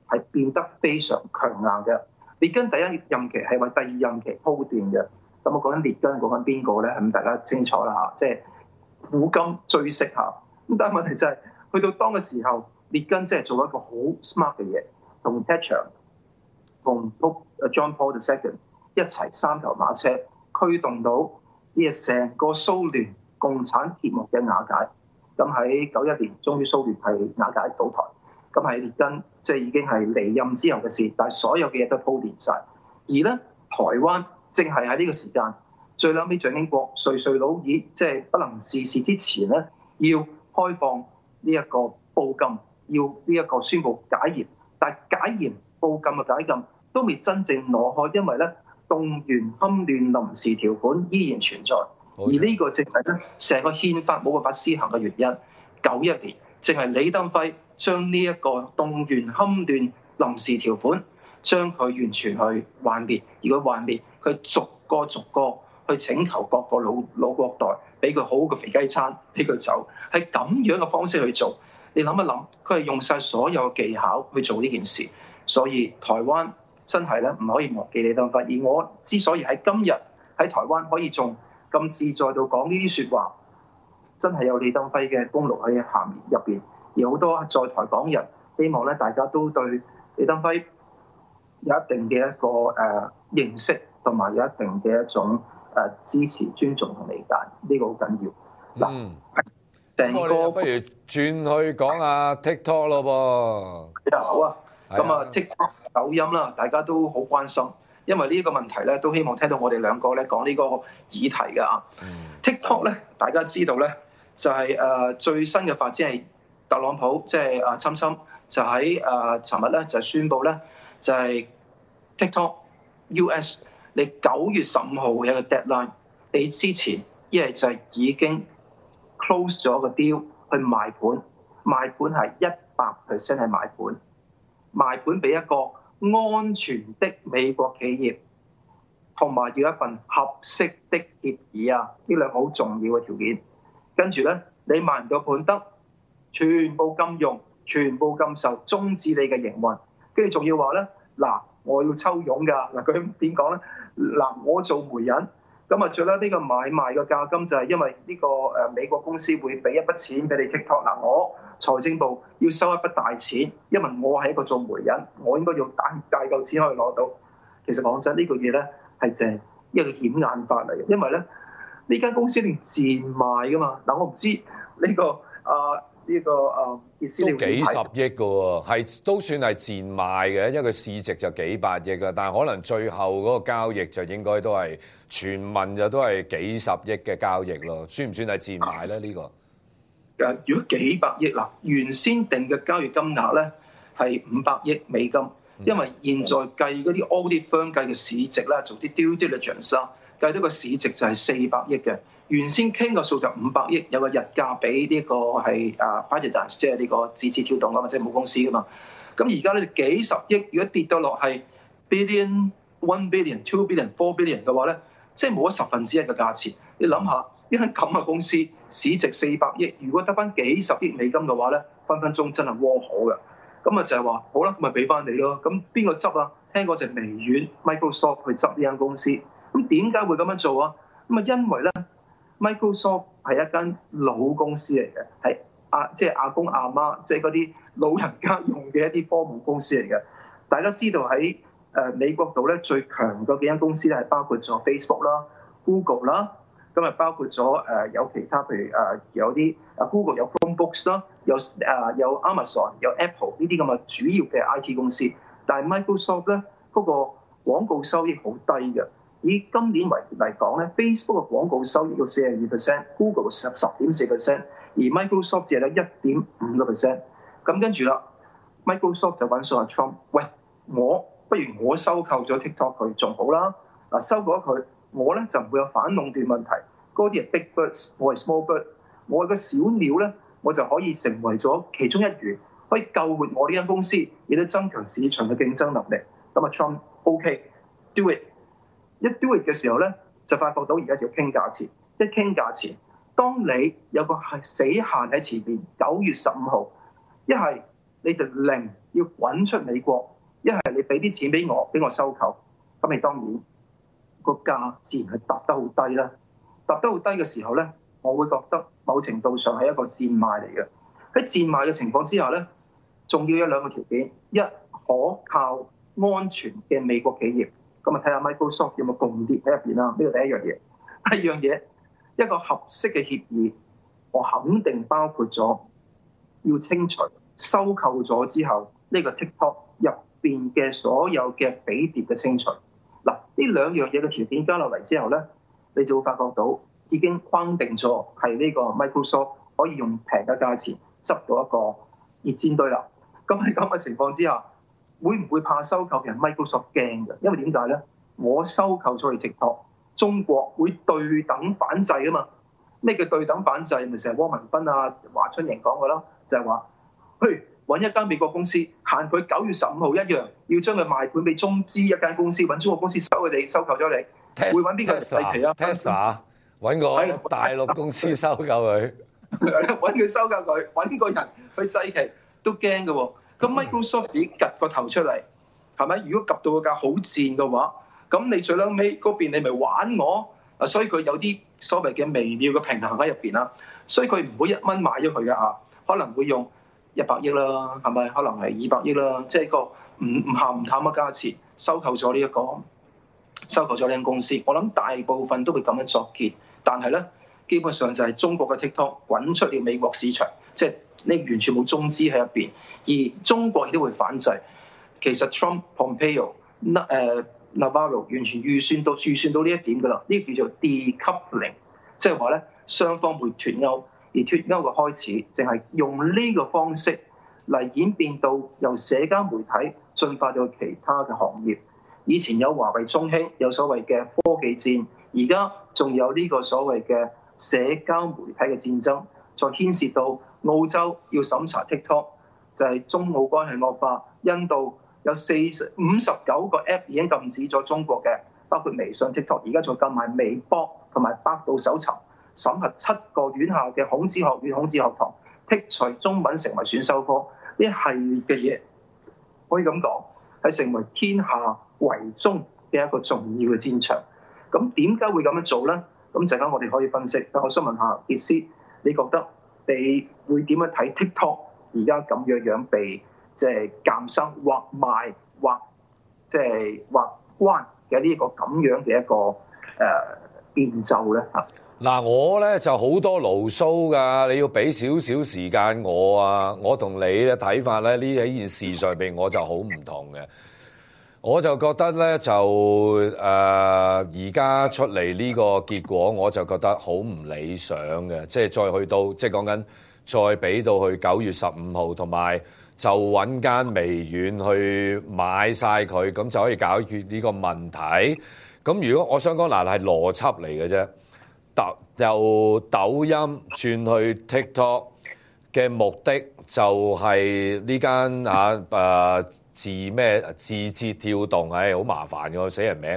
係變得非常強硬嘅，列根第一任期係為第二任期鋪墊嘅。咁我講緊列根，講緊邊個咧？咁大家清楚啦嚇，即係苦金追食嚇。咁但係問題就係、是，去到當嘅時候，列根即係做一個好 smart 嘅嘢，同 Thatcher 同 John Paul the Second 一齊三頭馬車驅動到呢個成個蘇聯共產鐵幕嘅瓦解。咁喺九一年，終於蘇聯係瓦解倒台。咁喺列根即係已經係離任之後嘅事，但係所有嘅嘢都鋪墊晒。而咧台灣。正係喺呢個時間，最後尾蔣經國垂垂老矣，即係不能事事之前咧，要開放呢一個報禁，要呢一個宣布解嚴。但解嚴報禁啊，解禁都未真正攞開，因為咧動員戡亂臨時條款依然存在。像而呢個正係咧成個憲法冇辦法施行嘅原因。九一年正係李登輝將呢一個動員戡亂臨時條款將佢完全去幻滅，而佢幻滅。去逐個逐個去請求各個老老國代，俾佢好嘅肥雞餐，俾佢走，係咁樣嘅方式去做。你諗一諗，佢係用晒所有技巧去做呢件事。所以台灣真係咧，唔可以忘記李登輝。而我之所以喺今日喺台灣可以仲咁自在到講呢啲説話，真係有李登輝嘅功勞喺下面入邊。而好多在台港人，希望咧大家都對李登輝有一定嘅一個誒、呃、認識。同埋有一定嘅一種誒、呃、支持、尊重同理解，呢、這個好緊要。嗱，鄭哥、嗯個嗯、不如轉去講啊 TikTok 咯噃。好啊，咁啊 TikTok 抖音啦，大家都好關心，因為呢一個問題咧，都希望聽到我哋兩個咧講呢講個議題嘅啊。嗯、TikTok 咧，大家知道咧，就係、是、誒、呃、最新嘅發展係特朗普即係啊侵侵，就喺誒尋日咧就宣布咧就係 TikTok US。你九月十五號有一個 deadline，你之前一係就係已經 close 咗個 deal 去賣盤，賣盤係一百 percent 係賣盤，賣盤俾一個安全的美國企業，同埋要一份合適的協議啊！呢兩好重要嘅條件。跟住咧，你賣唔到盤得，全部禁用，全部禁售，中止你嘅營運。跟住仲要話咧，嗱。我要抽傭㗎嗱，佢點講咧？嗱，我做媒人，咁啊，最後呢個買賣嘅價金就係因為呢個誒美國公司會俾一筆錢俾你 TikTok 嗱，我財政部要收一筆大錢，因為我係一個做媒人，我應該用大大嚿錢可以攞到。其實講真，這個、呢一個嘢咧係正，一個掩眼法嚟嘅，因為咧呢間公司連賤賣㗎嘛。嗱，我唔知呢、這個啊。呃呢個啊，都幾十億嘅喎，係都算係賤賣嘅，因為市值就幾百億嘅，但係可能最後嗰個交易就應該都係全民就都係幾十億嘅交易咯，算唔算係賤賣咧？呢個啊，如果幾百億嗱，原先定嘅交易金額咧係五百億美金，因為現在計嗰啲 old fund 計嘅市值咧，做啲 due diligence 啦，計到個市值就係四百億嘅。原先傾個數就五百億，有個日價俾呢個係啊，ByteDance 即係呢個字節跳動啊嘛，即係母公司噶嘛。咁而家咧就幾十億，如果跌到落係 billion、one billion、two billion、four billion 嘅話咧，即係冇咗十分之一嘅價錢。你諗下呢間咁嘅公司市值四百億，如果得翻幾十億美金嘅話咧，分分鐘真係窩好嘅。咁啊就係話好啦，咁咪俾翻你咯。咁邊個執啊？聽講就微軟 Microsoft 去執呢間公司。咁點解會咁樣做啊？咁啊因為咧。Microsoft 係一間老公司嚟嘅，係阿，即係阿公阿媽，即係嗰啲老人家用嘅一啲服務公司嚟嘅。大家知道喺誒、呃、美國度咧，最強嗰幾間公司係包括咗 Facebook 啦、Google 啦，咁啊包括咗誒、呃、有其他譬如誒有啲啊 Google 有 Chromebooks 啦，有誒、呃、有 Amazon 有 Apple 呢啲咁嘅主要嘅 IT 公司。但係 Microsoft 咧，嗰個廣告收益好低嘅。以今年為例講咧，Facebook 嘅廣告收益到四十二 percent，Google 十十點四 percent，而 Microsoft 只係得一點五個 percent。咁跟住啦，Microsoft 就揾蘇納 Trump，喂，我不如我收購咗 TikTok 佢仲好啦嗱，收購咗佢我咧就唔會有反壟斷問題。嗰啲係 big birds，我係 small bird，我係個小鳥咧，我就可以成為咗其中一員，可以救活我呢間公司，亦都增強市場嘅競爭能力。咁阿 Trump，OK，do it。一交易嘅時候咧，就發覺到而家要傾價錢。一傾價錢，當你有個係死限喺前面，九月十五號，一係你就令要滾出美國，一係你俾啲錢俾我，俾我收購。咁你當然個價自然係跌得好低啦。跌得好低嘅時候咧，我會覺得某程度上係一個賤賣嚟嘅。喺賤賣嘅情況之下咧，仲要有兩個條件：一可靠、安全嘅美國企業，咁啊，睇下 Microsoft 有冇共諜喺入邊啦？呢個第一樣嘢，第二樣嘢，一個合適嘅協議，我肯定包括咗要清除收購咗之後呢個 TikTok 入邊嘅所有嘅匪諜嘅清除。嗱，呢兩樣嘢嘅條件加落嚟之後咧，你就會發覺到已經框定咗係呢個 Microsoft 可以用平嘅價錢執到一個熱煎堆喇。咁喺咁嘅情況之下。會唔會怕收購嘅？Microsoft 驚嘅，因為點解咧？我收購咗嚟直落，中國會對等反制啊嘛！咩叫對等反制？咪成日汪文斌啊、華春瑩講嘅咯，就係話：嘿，揾一間美國公司，限佢九月十五號一樣，要將佢賣盤俾中資一間公司，揾中國公司收佢哋收購咗你。斯會揾邊個細期啊？Tesla 揾個大陸公司收購佢，揾佢 收購佢，揾個人去細期都驚嘅喎。咁、嗯、Microsoft 只岌個頭出嚟，係咪？如果岌到個價好賤嘅話，咁你最撚尾嗰邊你咪玩我啊！所以佢有啲所謂嘅微妙嘅平衡喺入邊啦。所以佢唔會一蚊買咗佢嘅啊，可能會用一百億啦，係咪？可能係二百億啦，即係一個唔唔鹹唔淡嘅價錢，收購咗呢一個收購咗呢間公司。我諗大部分都會咁樣作結，但係咧，基本上就係中國嘅 TikTok 滾出了美國市場。即係你完全冇中資喺入邊，而中國亦都會反制。其實 Trump、Pompeo、呃、Navarro 完全預算到預算到呢一點㗎啦，呢、這個叫做 d e c u p l i n g 即係話咧雙方會脫歐，而脫歐嘅開始，淨係用呢個方式嚟演變到由社交媒體進化到其他嘅行業。以前有華為中興，有所謂嘅科技戰，而家仲有呢個所謂嘅社交媒體嘅戰爭。再牽涉到澳洲要審查 TikTok，就係中澳關係惡化；印度有四五十九個 App 已經禁止咗中國嘅，包括微信 TikTok，而家仲禁埋微博同埋百度搜尋，審核七個院校嘅孔子學院、孔子學堂剔除中文成為選修科，呢一系列嘅嘢可以咁講係成為天下圍中嘅一個重要嘅戰場。咁點解會咁樣做呢？咁陣間我哋可以分析。但我想問下杰斯。你覺得你會點樣睇 TikTok 而家咁樣樣被即係監生、或賣、或即係或關嘅呢個咁樣嘅一個誒變奏咧？嗱，我咧就好多牢騷㗎，你要俾少少時間我啊！我同你嘅睇法咧，呢喺件事上邊我就好唔同嘅。我就覺得呢，就誒而家出嚟呢個結果，我就覺得好唔理想嘅。即係再去到，即係講緊再俾到去九月十五號，同埋就揾間微軟去買晒佢，咁就可以解決呢個問題。咁如果我想講嗱，係邏輯嚟嘅啫。抖由抖音轉去 TikTok 嘅目的就，就係呢間啊誒。呃字咩字節跳動，唉、哎，好麻煩嘅死人名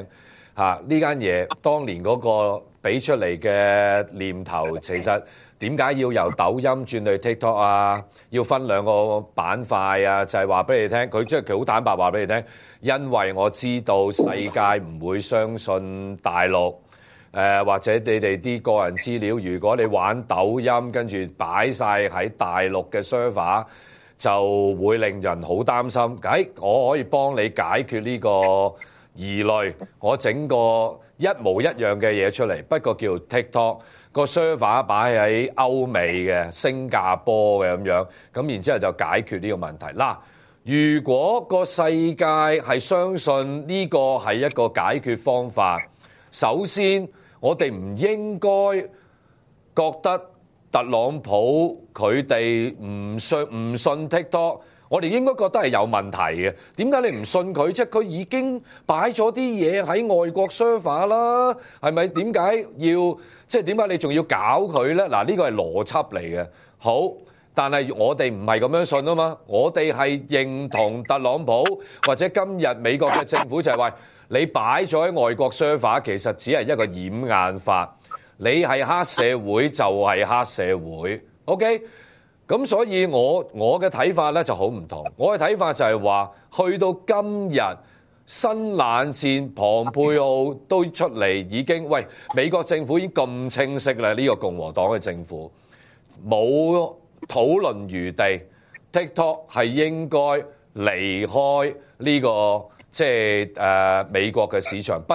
嚇！呢間嘢當年嗰個俾出嚟嘅念頭，其實點解要由抖音轉去 TikTok 啊？要分兩個板塊啊，就係話俾你聽。佢即係佢好坦白話俾你聽，因為我知道世界唔會相信大陸。誒、呃，或者你哋啲個人資料，如果你玩抖音跟住擺晒喺大陸嘅 server。就會令人好擔心。誒、哎，我可以幫你解決呢個疑慮，我整個一模一樣嘅嘢出嚟，不過叫 TikTok，個 server 擺喺歐美嘅、新加坡嘅咁樣，咁然之後就解決呢個問題。嗱，如果個世界係相信呢個係一個解決方法，首先我哋唔應該覺得。特朗普佢哋唔信唔信 TikTok，我哋應該覺得係有問題嘅。點解你唔信佢？即係佢已經擺咗啲嘢喺外國 server 啦，係咪？點解要即係點解你仲要搞佢咧？嗱、啊，呢個係邏輯嚟嘅。好，但係我哋唔係咁樣信啊嘛，我哋係認同特朗普或者今日美國嘅政府就係話，你擺咗喺外國 server，其實只係一個掩眼法。你係黑社會就係黑社會，OK？咁所以我我嘅睇法咧就好唔同。我嘅睇法就係話去到今日，新冷戰龐佩奧都出嚟，已經喂，美國政府已經咁清晰啦。呢、這個共和黨嘅政府冇討論餘地，TikTok 係應該離開呢、這個即係誒、呃、美國嘅市場不。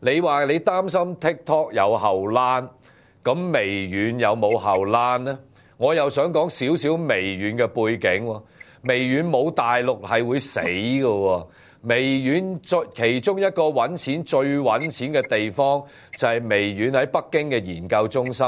你話你擔心 TikTok 有後攔，咁微軟有冇後攔呢？我又想講少少微軟嘅背景。微軟冇大陸係會死嘅喎。微軟最其中一個揾錢最揾錢嘅地方就係微軟喺北京嘅研究中心，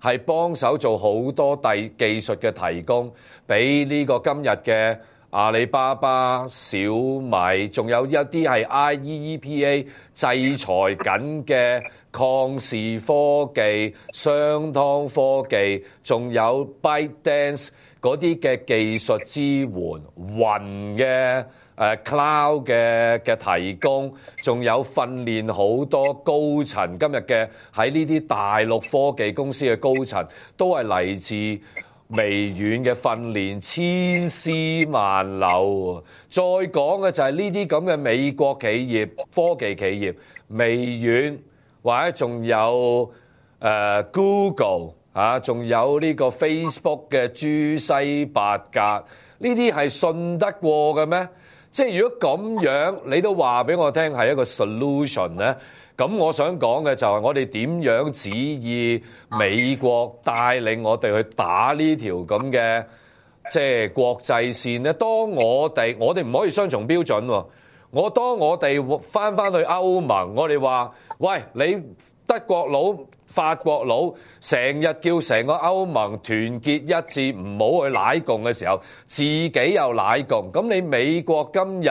係幫手做好多第技術嘅提供俾呢個今日嘅。阿里巴巴、小米，仲有一啲係 IEEPA 制裁緊嘅，曠視科技、商湯科技，仲有 ByteDance 嗰啲嘅技術支援、雲嘅、誒、呃、cloud 嘅嘅提供，仲有訓練好多高層今日嘅喺呢啲大陸科技公司嘅高層都係嚟自微軟嘅訓練千絲萬縷，再講嘅就係呢啲咁嘅美國企業、科技企業、微軟，或者仲有、呃、Google 啊，仲有呢個 Facebook 嘅朱西八格。呢啲係信得過嘅咩？即係如果咁樣，你都話俾我聽係一個 solution 咧、啊？咁我想講嘅就係我哋點樣旨意美國帶領我哋去打呢條咁嘅即係國際線呢？當我哋我哋唔可以雙重標準喎。我當我哋返返去歐盟，我哋話：喂，你德國佬、法國佬，成日叫成個歐盟團結一致，唔好去奶共嘅時候，自己又奶共。咁你美國今日，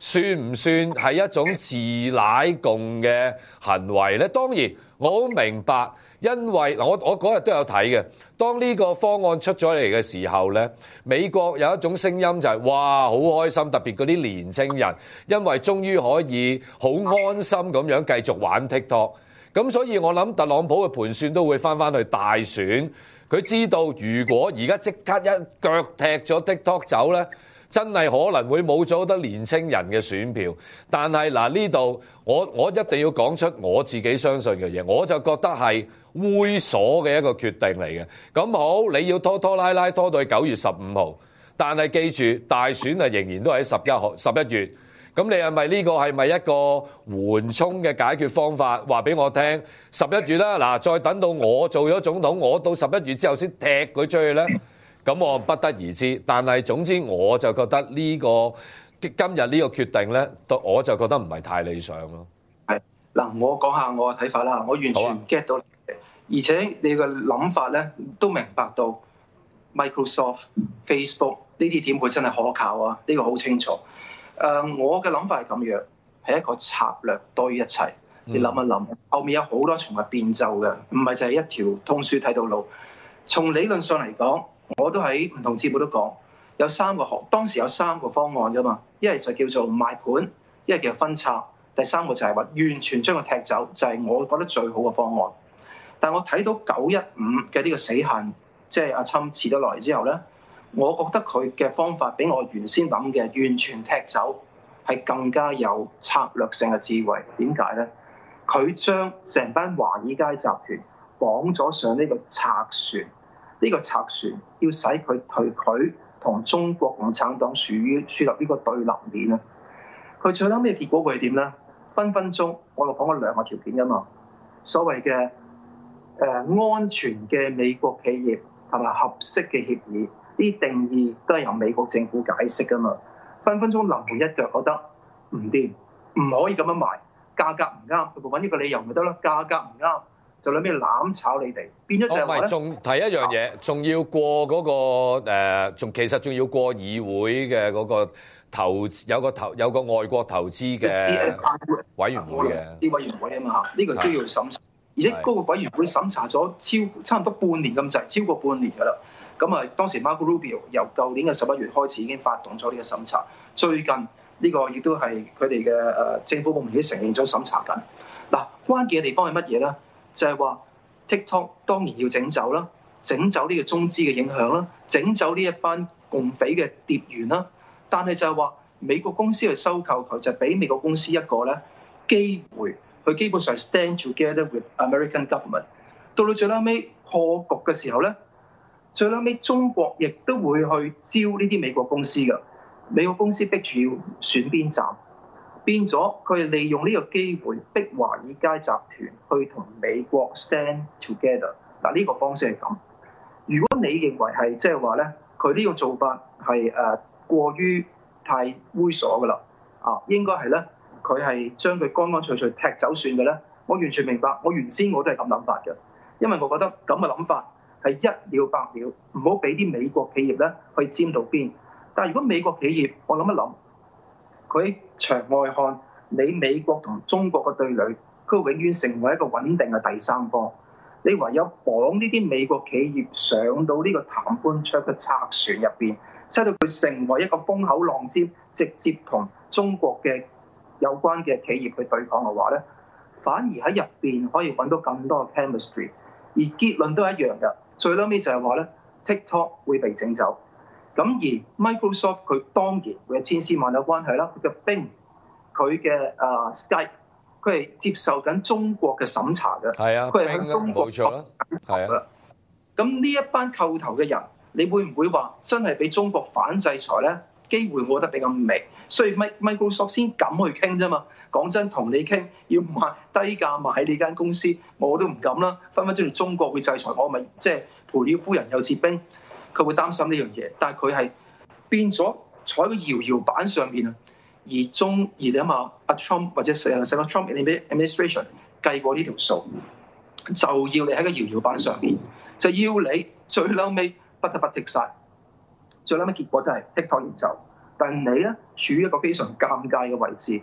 算唔算係一種自奶共嘅行為呢？當然，我好明白，因為我我嗰日都有睇嘅。當呢個方案出咗嚟嘅時候呢，美國有一種聲音就係，哇，好開心，特別嗰啲年輕人，因為終於可以好安心咁樣繼續玩 TikTok。咁所以，我諗特朗普嘅盤算都會返返去大選。佢知道如果而家即刻一腳踢咗 TikTok 走呢。真係可能會冇咗得年青人嘅選票，但，但係嗱，呢度我我一定要講出我自己相信嘅嘢，我就覺得係猥瑣嘅一個決定嚟嘅。咁好，你要拖拖拉拉拖到去九月十五號，但係記住大選係仍然都喺十一月十一月。咁你係咪呢個係咪一個緩衝嘅解決方法？話俾我聽，十一月啦，嗱、啊、再等到我做咗總統，我到十一月之後先踢佢出去呢。咁我不得而知，但係總之我就覺得呢、這個今日呢個決定咧，我就覺得唔係太理想咯。係嗱，我講下我嘅睇法啦。我完全 get 到，啊、而且你嘅諗法咧都明白到 Microsoft、Facebook 呢啲點會真係可靠啊？呢、這個好清楚。誒、呃，我嘅諗法係咁樣，係一個策略多於一切。你諗一諗，嗯、後面有好多層係變奏嘅，唔係就係一條通書睇到路。從理論上嚟講，我都喺唔同節目都講，有三個學，當時有三個方案噶嘛，一係就叫做賣盤，一係叫分拆，第三個就係話完全將佢踢走，就係、是、我覺得最好嘅方案。但我睇到九一五嘅呢個死線，即係阿侵遲得耐之後咧，我覺得佢嘅方法比我原先諗嘅完全踢走係更加有策略性嘅智慧。點解咧？佢將成班華爾街集團綁咗上呢個賊船。呢個拆船要使佢同佢同中國共產黨樹於樹立呢個對立面啊！佢最後咩結果會係點咧？分分鐘我哋講緊兩個條件噶嘛，所謂嘅誒、呃、安全嘅美國企業同埋合適嘅協議，呢啲定義都係由美國政府解釋噶嘛。分分鐘臨門一腳，覺得唔掂，唔可以咁樣賣，價格唔啱，佢就揾呢個理由咪得咯，價格唔啱。就諗住攬炒你哋，變咗就係唔係，仲、哦、提一樣嘢，仲要過嗰、那個仲、呃、其實仲要過議會嘅嗰個投，有個投有個外國投資嘅委員會嘅委員會啊嘛嚇，呢個都要審。是而且嗰個委員會審查咗超差唔多半年咁滯，超過半年㗎啦。咁啊，當時 Marco Rubio 由舊年嘅十一月開始已經發動咗呢個審查，最近呢個亦都係佢哋嘅誒政府部門已經承認咗審查緊。嗱、啊，關鍵嘅地方係乜嘢咧？就係話 TikTok 當然要整走啦，整走呢個中資嘅影響啦，整走呢一班共匪嘅諜員啦。但係就係話美國公司去收購佢，就俾美國公司一個咧機會，佢基本上 stand together with American government。到到最後尾破局嘅時候咧，最後尾中國亦都會去招呢啲美國公司㗎，美國公司逼住要選邊站。變咗，佢係利用呢個機會逼華爾街集團去同美國 stand together。嗱，呢個方式係咁。如果你認為係即係話咧，佢、就是、呢個做法係誒、呃、過於太猥瑣嘅啦，啊，應該係咧，佢係將佢乾乾脆脆踢走算嘅咧。我完全明白，我原先我都係咁諗法嘅，因為我覺得咁嘅諗法係一了百了，唔好俾啲美國企業咧去佔到邊。但係如果美國企業，我諗一諗。佢場外看你美國同中國嘅對壘，佢永遠成為一個穩定嘅第三方。你唯有綁呢啲美國企業上到呢個談判桌嘅賊船入邊，使到佢成為一個風口浪尖，直接同中國嘅有關嘅企業去對抗嘅話咧，反而喺入邊可以揾到更多嘅 chemistry。而結論都係一樣嘅，最屘尾就係話咧，TikTok 會被整走。咁而 Microsoft 佢當然會有千絲萬縷關係啦，佢嘅 Bing，佢嘅啊 Skype 佢係接受緊中國嘅審查嘅，佢係喺中國叩頭嘅。咁呢一班叩頭嘅人，你會唔會話真係俾中國反制裁咧？機會我覺得比較微，所以 Microsoft 先敢去傾啫嘛。講真，同你傾要買低價買呢間公司，我都唔敢啦。分分鐘中國會制裁我是是，咪即係賠了夫人又折兵。佢會擔心呢樣嘢，但係佢係變咗坐喺個搖搖板上面，啊！而中而你啊嘛，阿 Trump 或者成個 Trump administration 計過呢條數，就要你喺個搖搖板上面，就要你最嬲尾不得不跌晒。最嬲尾結果都係 TikTok 就，但係你咧處於一個非常尷尬嘅位置，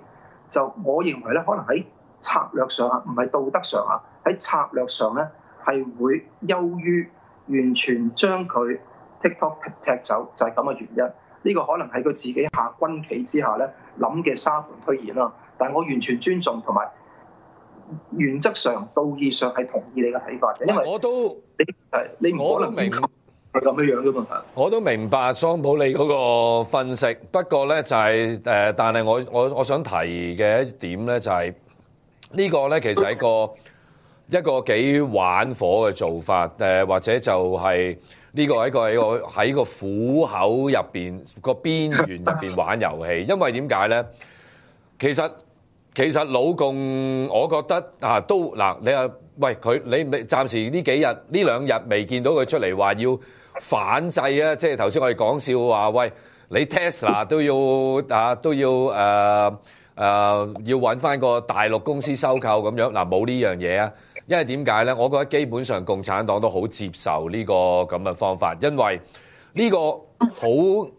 就我認為咧，可能喺策略上啊，唔係道德上啊，喺策略上咧係會優於完全將佢 TikTok 踢走就係咁嘅原因，呢、這個可能係佢自己下軍棋之下咧諗嘅沙盤推演啦。但係我完全尊重同埋原則上、道義上係同意你嘅睇法嘅，因為我都你係你唔可能係咁嘅樣嘅嘛。我都明白桑普利嗰個分析，不過咧就係、是、誒、呃，但係我我我想提嘅一點咧就係、是這個、呢個咧其實係一個一個幾玩火嘅做法，誒、呃、或者就係、是。呢個喺個喺個喺個虎口入邊個邊緣入邊玩遊戲，因為點解咧？其實其實老共，我覺得啊，都嗱，你啊，喂佢，你暫時呢幾日呢兩日未見到佢出嚟話要反制啊！即係頭先我哋講笑話，喂，你 Tesla 都要啊都要誒誒要揾翻個大陸公司收購咁樣嗱，冇呢樣嘢啊！因為點解呢？我覺得基本上共產黨都好接受呢個咁嘅方法，因為呢個好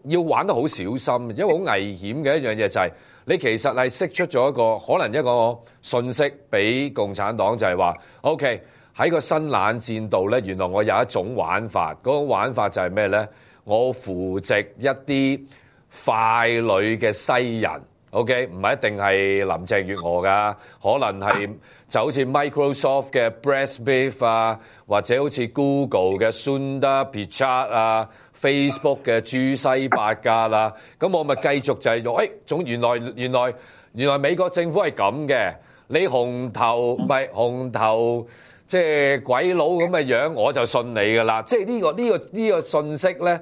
要玩得好小心，因為好危險嘅一樣嘢就係、是、你其實係釋出咗一個可能一個信息俾共產黨就，就係話：，OK，喺個新冷戰度呢，原來我有一種玩法，嗰、那個玩法就係咩呢？我扶植一啲傀儡嘅西人。O.K. 唔係一定係林鄭月娥噶，可能係就好似 Microsoft 嘅 Brad Smith 啊，或者好似 Google 嘅 Sundar Pichai 啊，Facebook 嘅朱克伯格啊，咁我咪繼續就係用，哎總原來原來原來美國政府係咁嘅，你紅頭唔係紅頭即係鬼佬咁嘅樣，我就信你㗎啦。即係呢個呢個呢個訊息咧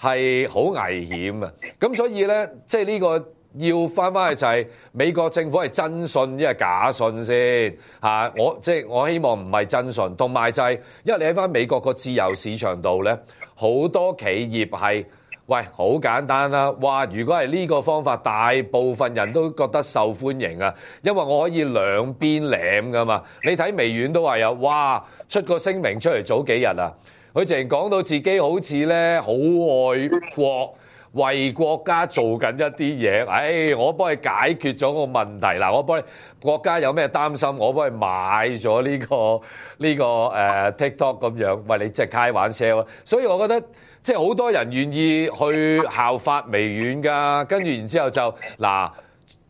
係好危險啊，咁所以咧即係呢個。要翻翻去就係美國政府係真信一係假信先嚇、啊，我即係、就係、我希望唔係真信同埋就係，因為你喺翻美國個自由市場度呢，好多企業係喂，好簡單啦、啊，哇！如果係呢個方法，大部分人都覺得受歡迎啊，因為我可以兩邊舐噶嘛。你睇微軟都話有、啊、哇，出個聲明出嚟早幾日啊，佢直講到自己好似呢好愛國。為國家做緊一啲嘢，唉、哎，我幫你解決咗個問題。嗱，我幫你國家有咩擔心，我幫你買咗呢、這個呢、這個誒、呃、TikTok 咁樣。喂，你即係開玩笑。所以我覺得即係好多人願意去效法微軟㗎，跟住然之後就嗱，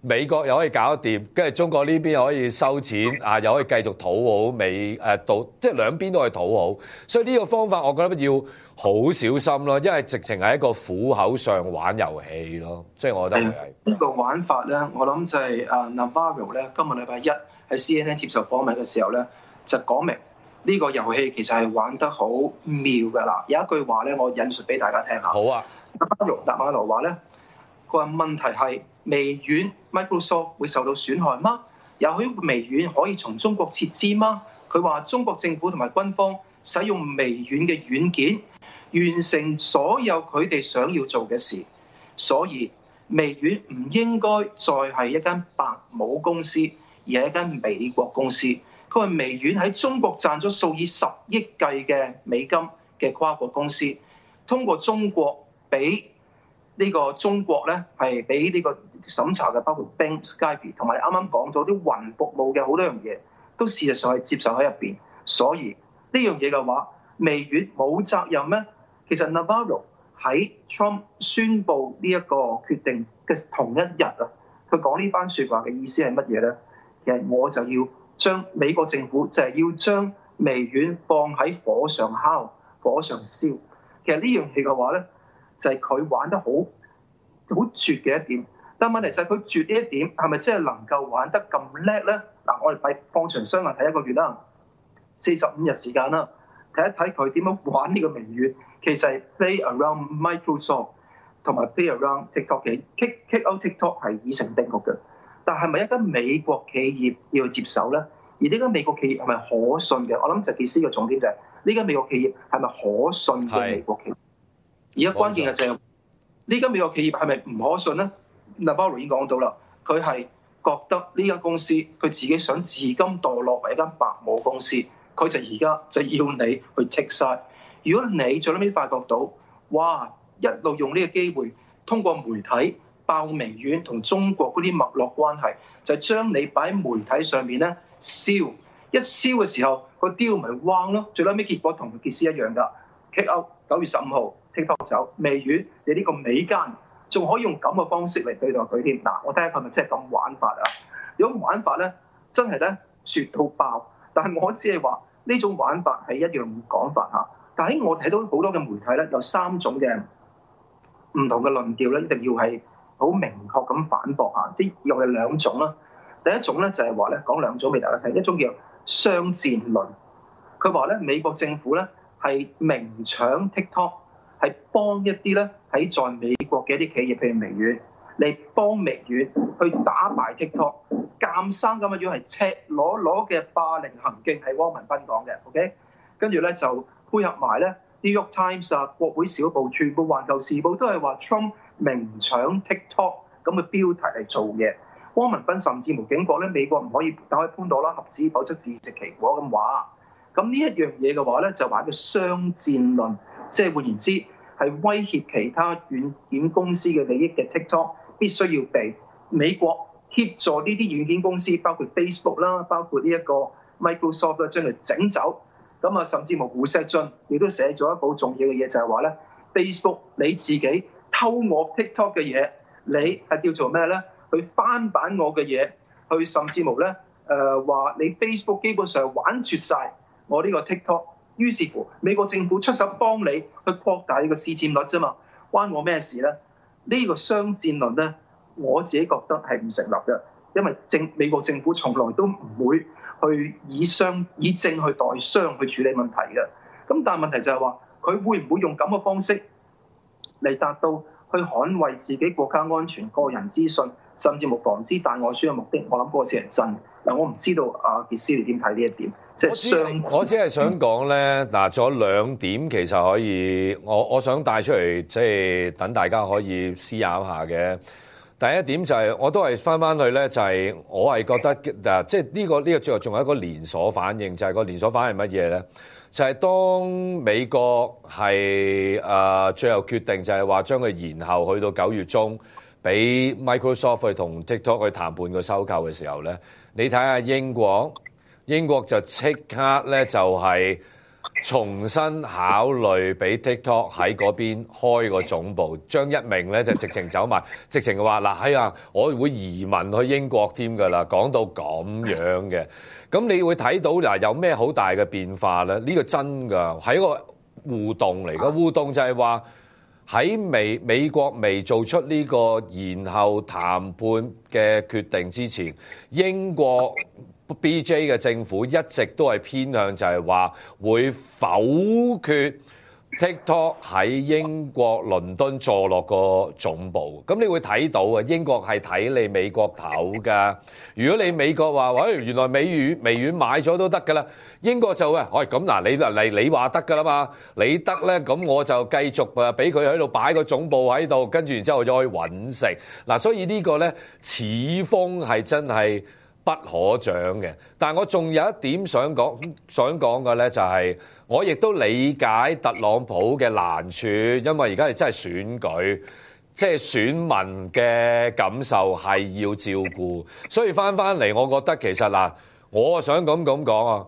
美國又可以搞得掂，跟住中國呢邊又可以收錢，啊，又可以繼續討好美誒、啊，即係兩邊都係討好。所以呢個方法，我覺得要。好小心咯，因為直情係一個虎口上玩遊戲咯，即係我覺得呢、呢個玩法咧。我諗就係、是、啊，Navarro 咧，今日禮拜一喺 CNN 接受訪問嘅時候咧，就講明呢個遊戲其實係玩得好妙㗎啦。有一句話咧，我引述俾大家聽下。好啊，Navarro 達馬羅話咧，佢話問題係微軟 Microsoft 會受到損害嗎？有許微軟可以從中國撤資嗎？佢話中國政府同埋軍方使用微軟嘅軟件。完成所有佢哋想要做嘅事，所以微軟唔應該再係一間白母公司，而係一間美國公司。佢話微軟喺中國賺咗數以十億計嘅美金嘅跨國公司，通過中國俾呢個中國咧係俾呢個審查嘅，包括 Bank Skype 同埋啱啱講咗啲雲服務嘅好多樣嘢，都事實上係接受喺入邊。所以呢樣嘢嘅話，微軟冇責任咩？其實 Navarro 喺 Trump 宣布呢一個決定嘅同一日啊，佢講呢番説話嘅意思係乜嘢咧？其實我就要將美國政府就係要將微軟放喺火上烤、火上燒。其實呢樣嘢嘅話咧，就係、是、佢玩得好好絕嘅一點。但係問題就係佢絕呢一點係咪真係能夠玩得咁叻咧？嗱，我哋放長雙眼睇一個月啦，四十五日時間啦。睇一睇佢點樣玩呢個名譽，其實係 play around Microsoft 同埋 play around TikTok 嘅 kick kick out TikTok 係已成定局嘅。但係咪一間美國企業要去接手咧？而呢間美國企業係咪可信嘅？我諗就傑斯嘅總結重點就係、是：呢間美國企業係咪可信嘅美國企業？而家關鍵嘅就係呢間美國企業係咪唔可信咧？嗱，包羅已經講到啦，佢係覺得呢間公司佢自己想自甘墮落為一間白母公司。佢就而家就要你去 take 晒。如果你最屘尾發覺到，哇！一路用呢個機會，通過媒體、爆微軟同中國嗰啲脈絡關係，就將你擺喺媒體上面咧燒。Seal，一燒嘅時候，個雕咪彎咯。最屘尾結果同傑斯一樣㗎。歐九 月十五號，TikTok 走，微軟你呢個尾間仲可以用咁嘅方式嚟對待佢添。嗱，我睇下佢咪真係咁玩法啊？如果玩法咧，真係咧，説到爆。但係我只係話。呢種玩法係一樣講法嚇，但喺我睇到好多嘅媒體咧，有三種嘅唔同嘅論調咧，一定要係好明確咁反駁嚇。即又有兩種啦，第一種咧就係話咧，講兩種俾大家睇。一種叫雙戰論，佢話咧美國政府咧係明搶 TikTok，係幫一啲咧喺在美國嘅一啲企業，譬如微軟。你幫微軟去打敗 TikTok，鑑生咁嘅樣係赤裸裸嘅霸凌行徑，係汪文斌講嘅。OK，跟住咧就配合埋咧 New York Times 啊、國會小報、全部環球時報都係話 Trump 明搶 TikTok 咁嘅標題嚟做嘅。汪文斌甚至無警告咧，美國唔可以打開潘朵拉盒子，否則自食其果咁話。咁呢一樣嘢嘅話咧，就話咗雙戰論，即係換言之係威脅其他軟件公司嘅利益嘅 TikTok。必須要被美國協助呢啲軟件公司，包括 Facebook 啦，包括呢一個 Microsoft 啦，將佢整走。咁啊，甚至乎胡錫進亦都寫咗一部好重要嘅嘢，就係、是、話咧，Facebook 你自己偷我 TikTok 嘅嘢，你係叫做咩咧？去翻版我嘅嘢，去甚至乎咧誒話你 Facebook 基本上玩絕晒我呢個 TikTok。於是乎，美國政府出手幫你去擴大呢個市佔率啫嘛，關我咩事咧？個商呢個商戰論咧，我自己覺得係唔成立嘅，因為政美國政府從來都唔會去以「商」、以「政」去代「商」去處理問題嘅。咁但係問題就係話，佢會唔會用咁嘅方式嚟達到去捍衛自己國家安全、個人資訊？甚至冇防資，但係我輸嘅目的，我諗嗰個先係真。嗱，我唔知道阿傑、啊、斯你點睇呢一點，即係我只係想講咧，嗱，咗兩點其實可以，我我想帶出嚟，即係等大家可以思考下嘅。第一點就係、是，我都係翻翻去咧，就係、是、我係覺得嗱，即係呢個呢、呢個最後仲係一個連鎖反應，就係、是、個連鎖反應係乜嘢咧？就係、是、當美國係誒、呃、最後決定，就係話將佢延後去到九月中。俾 Microsoft 去同 TikTok 去談判個收購嘅時候呢，你睇下英國，英國就即刻呢，就係重新考慮俾 TikTok 喺嗰邊開個總部，張一鳴呢，就直情走埋，直情話嗱喺啊，我會移民去英國添㗎啦，講到咁樣嘅，咁你會睇到嗱有咩好大嘅變化呢？呢個真㗎，係一個互動嚟嘅，互動就係話。喺美美國未做出呢個延後談判嘅決定之前，英國 BJ 嘅政府一直都係偏向就係話會否決 TikTok 喺英國倫敦坐落個總部，咁你會睇到啊！英國係睇你美國頭噶，如果你美國話：喂、哎，原來美元美元買咗都得噶啦，英國就啊，喂、哎，咁嗱，你嚟你話得噶啦嘛，你得呢。咁我就繼續啊，俾佢喺度擺個總部喺度，跟住然之後再去揾食。嗱、啊，所以呢個呢，此風係真係不可長嘅。但係我仲有一點想講，想講嘅呢，就係我亦都理解特朗普嘅難處，因為而家係真係選舉，即係選民嘅感受係要照顧，所以翻翻嚟，我覺得其實嗱，我想咁咁講啊。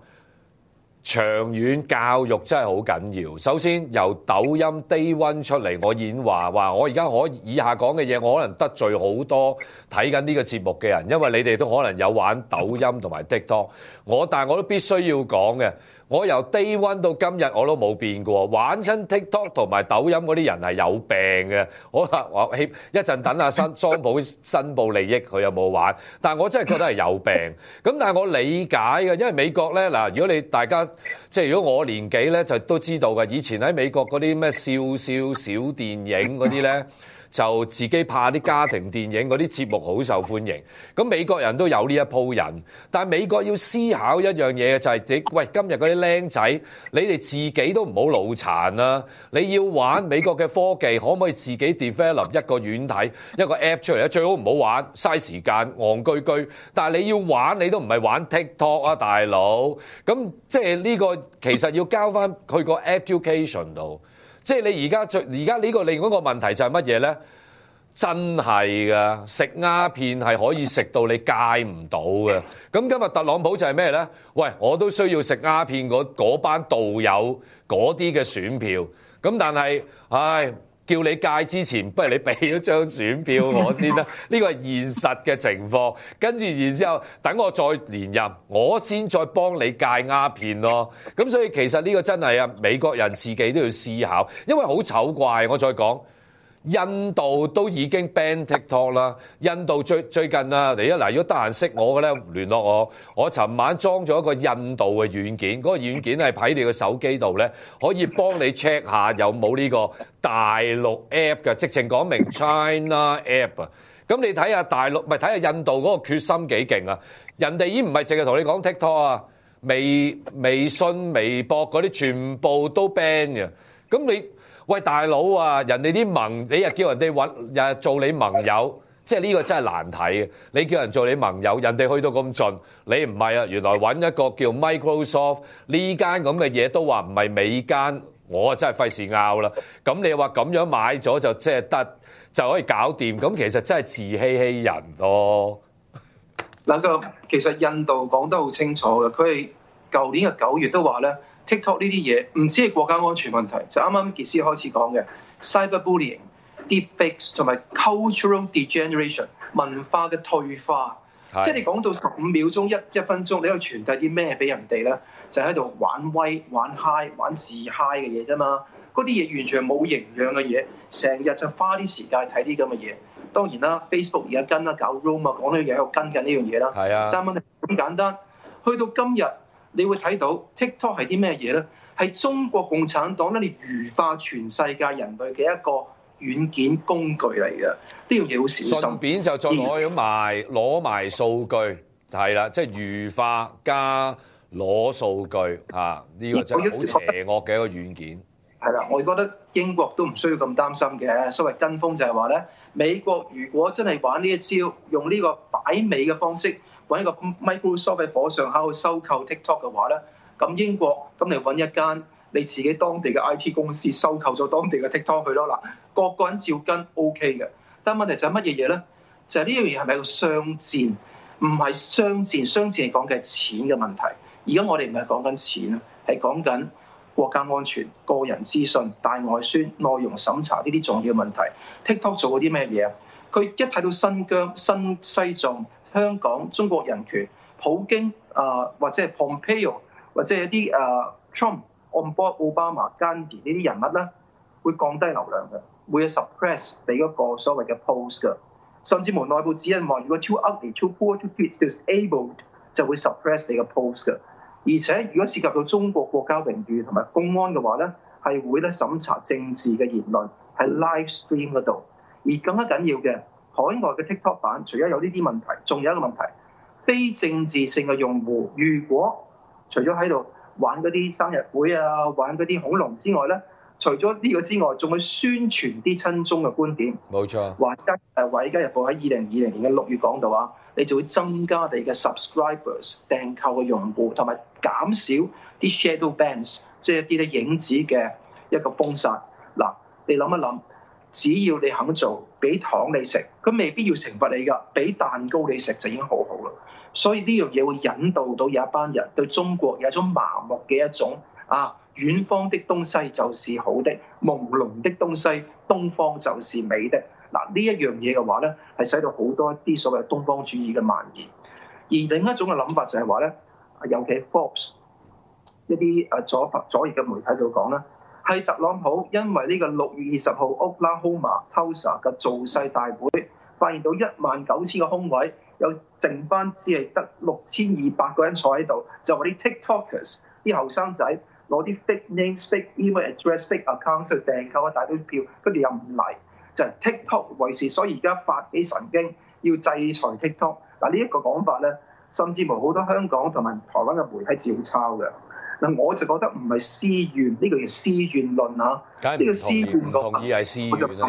長遠教育真係好緊要。首先由抖音、低 o 出嚟，我演話話我而家可以，以下講嘅嘢，我可能得罪好多睇緊呢個節目嘅人，因為你哋都可能有玩抖音同埋滴當。我但係我都必須要講嘅。我由 day one 到今日我都冇變過，玩親 TikTok 同埋抖音嗰啲人係有病嘅。好啦，我，我一陣等下桑普申報利益，佢有冇玩？但係我真係覺得係有病。咁但係我理解嘅，因為美國呢。嗱，如果你大家即係如果我年紀呢，就都知道嘅，以前喺美國嗰啲咩笑笑小電影嗰啲呢。就自己拍啲家庭電影嗰啲節目好受歡迎，咁美國人都有呢一鋪人，但係美國要思考一樣嘢嘅就係，你，喂，今日嗰啲僆仔，你哋自己都唔好腦殘啦，你要玩美國嘅科技，可唔可以自己 develop 一個軟體一個 app 出嚟咧？最好唔好玩，嘥時間戇居居。但係你要玩，你都唔係玩 TikTok 啊，大佬。咁即係呢個其實要交翻佢個 education 度。即係你而家最而家呢個另外一個問題就係乜嘢咧？真係噶，食鴉片係可以食到你戒唔到嘅。咁今日特朗普就係咩咧？喂，我都需要食鴉片嗰班道友嗰啲嘅選票。咁但係，唉。叫你戒之前，不如你俾咗張選票我先啦。呢個係現實嘅情況。跟住然之後，等我再連任，我先再幫你戒鴉片咯。咁所以其實呢個真係美國人自己都要思考，因為好醜怪。我再講。印度都已經 ban TikTok 啦。印度最最近啊，嚟一嗱，如果得閒識我嘅咧，聯絡我。我尋晚裝咗一個印度嘅軟件，嗰個軟件係喺你個手機度咧，可以幫你 check 下有冇呢個大陸 app 嘅，直情講明 China app 啊。咁你睇下大陸，唔係睇下印度嗰個決心幾勁啊！人哋已經唔係淨係同你講 TikTok 啊，微微信、微博嗰啲全部都 ban 嘅。咁你？喂，大佬啊，人哋啲盟，你又叫人哋揾，又做你盟友，即係呢個真係難睇嘅。你叫人做你盟友，人哋去到咁盡，你唔係啊？原來揾一個叫 Microsoft 呢間咁嘅嘢都話唔係美間，我真係費事拗啦。咁你話咁樣買咗就即係得，就可以搞掂，咁其實真係自欺欺人咯。嗱，個其實印度講得好清楚嘅，佢係舊年嘅九月都話咧。TikTok 呢啲嘢唔知係國家安全問題，就啱啱杰斯開始講嘅 cyberbullying、deepfake 同埋 cultural degeneration 文化嘅退化，是即係你講到十五秒鐘一一分鐘，你喺度傳遞啲咩俾人哋咧？就喺、是、度玩威、玩 high、玩自 high 嘅嘢啫嘛，嗰啲嘢完全係冇營養嘅嘢，成日就花啲時間睇啲咁嘅嘢。當然啦，Facebook 而家跟啦，搞 room 啊，講呢啲嘢喺度跟緊呢樣嘢啦。係啊，但問題好簡單，去到今日。你會睇到 TikTok 係啲咩嘢咧？係中國共產黨咧，你愚化全世界人類嘅一個軟件工具嚟嘅，呢樣嘢好小心。順便就再攞咗埋攞埋數據，係啦，即係愚化加攞數據啊！呢個真係好邪惡嘅一個軟件。係啦，我覺得英國都唔需要咁擔心嘅。所謂跟風就係話咧，美國如果真係玩呢一招，用呢個擺尾嘅方式。揾一個 Microsoft 嘅火上烤去收購 TikTok 嘅話咧，咁英國咁你揾一間你自己當地嘅 IT 公司收購咗當地嘅 TikTok 去咯嗱，個個人照跟 OK 嘅，但問題就係乜嘢嘢咧？就係呢樣嘢係咪一個商戰？唔係商戰，商戰係講嘅係錢嘅問題。而家我哋唔係講緊錢啊，係講緊國家安全、個人資訊、大外宣、內容審查呢啲重要問題。TikTok 做過啲咩嘢啊？佢一睇到新疆、新西藏、香港中國人權、普京啊、呃，或者係 Pompeo，或者係一啲啊 Trump、o、呃、巴、奧巴馬、Gandhi 呢啲人物咧，會降低流量嘅，會 suppress 你嗰個所謂嘅 post 嘅，甚至無內部指引話，如果 too ugly、too poor、too fit、disabled 就會 suppress 你嘅 post 嘅，而且如果涉及到中國國家榮譽同埋公安嘅話咧，係會咧審查政治嘅言論喺 live stream 嗰度，而更加緊要嘅。海外嘅 TikTok 版除咗有呢啲問題，仲有一個問題，非政治性嘅用戶，如果除咗喺度玩嗰啲生日會啊，玩嗰啲恐龍之外咧，除咗呢個之外，仲會宣傳啲親中嘅觀點。冇錯。華家誒，華、呃、家日報喺二零二零年嘅六月講到啊，你就會增加你嘅 subscribers 訂購嘅用戶，同埋減少啲 shadow bans，d 即係一啲咧影子嘅一個封殺。嗱，你諗一諗。只要你肯做，俾糖你食，咁未必要懲罰你噶，俾蛋糕你食就已經好好啦。所以呢樣嘢會引導到有一班人對中國有一種麻木嘅一種啊，遠方的東西就是好的，朦朧的東西東方就是美的。嗱，呢一樣嘢嘅話咧，係使到好多一啲所謂東方主義嘅蔓延。而另一種嘅諗法就係話咧，尤其 Forbes 一啲誒左左翼嘅媒體就講啦。係特朗普因為呢個六月二十號 Oklahoma Tulsa 嘅造勢大會，發現到一萬九千個空位，剩有剩翻只係得六千二百個人坐喺度，就話啲 TikTokers 啲後生仔攞啲 fake name、fake email address、fake account 嚟訂購一大堆票，跟住又唔嚟，就係、TikTok 為事，所以而家發幾神經要制裁 TikTok。嗱呢一個講法咧，甚至乎好多香港同埋台灣嘅媒體照抄嘅。嗱，我就覺得唔係私怨呢、這個叫私怨論啊，呢、這個私怨個問題，我就同意係私怨啦。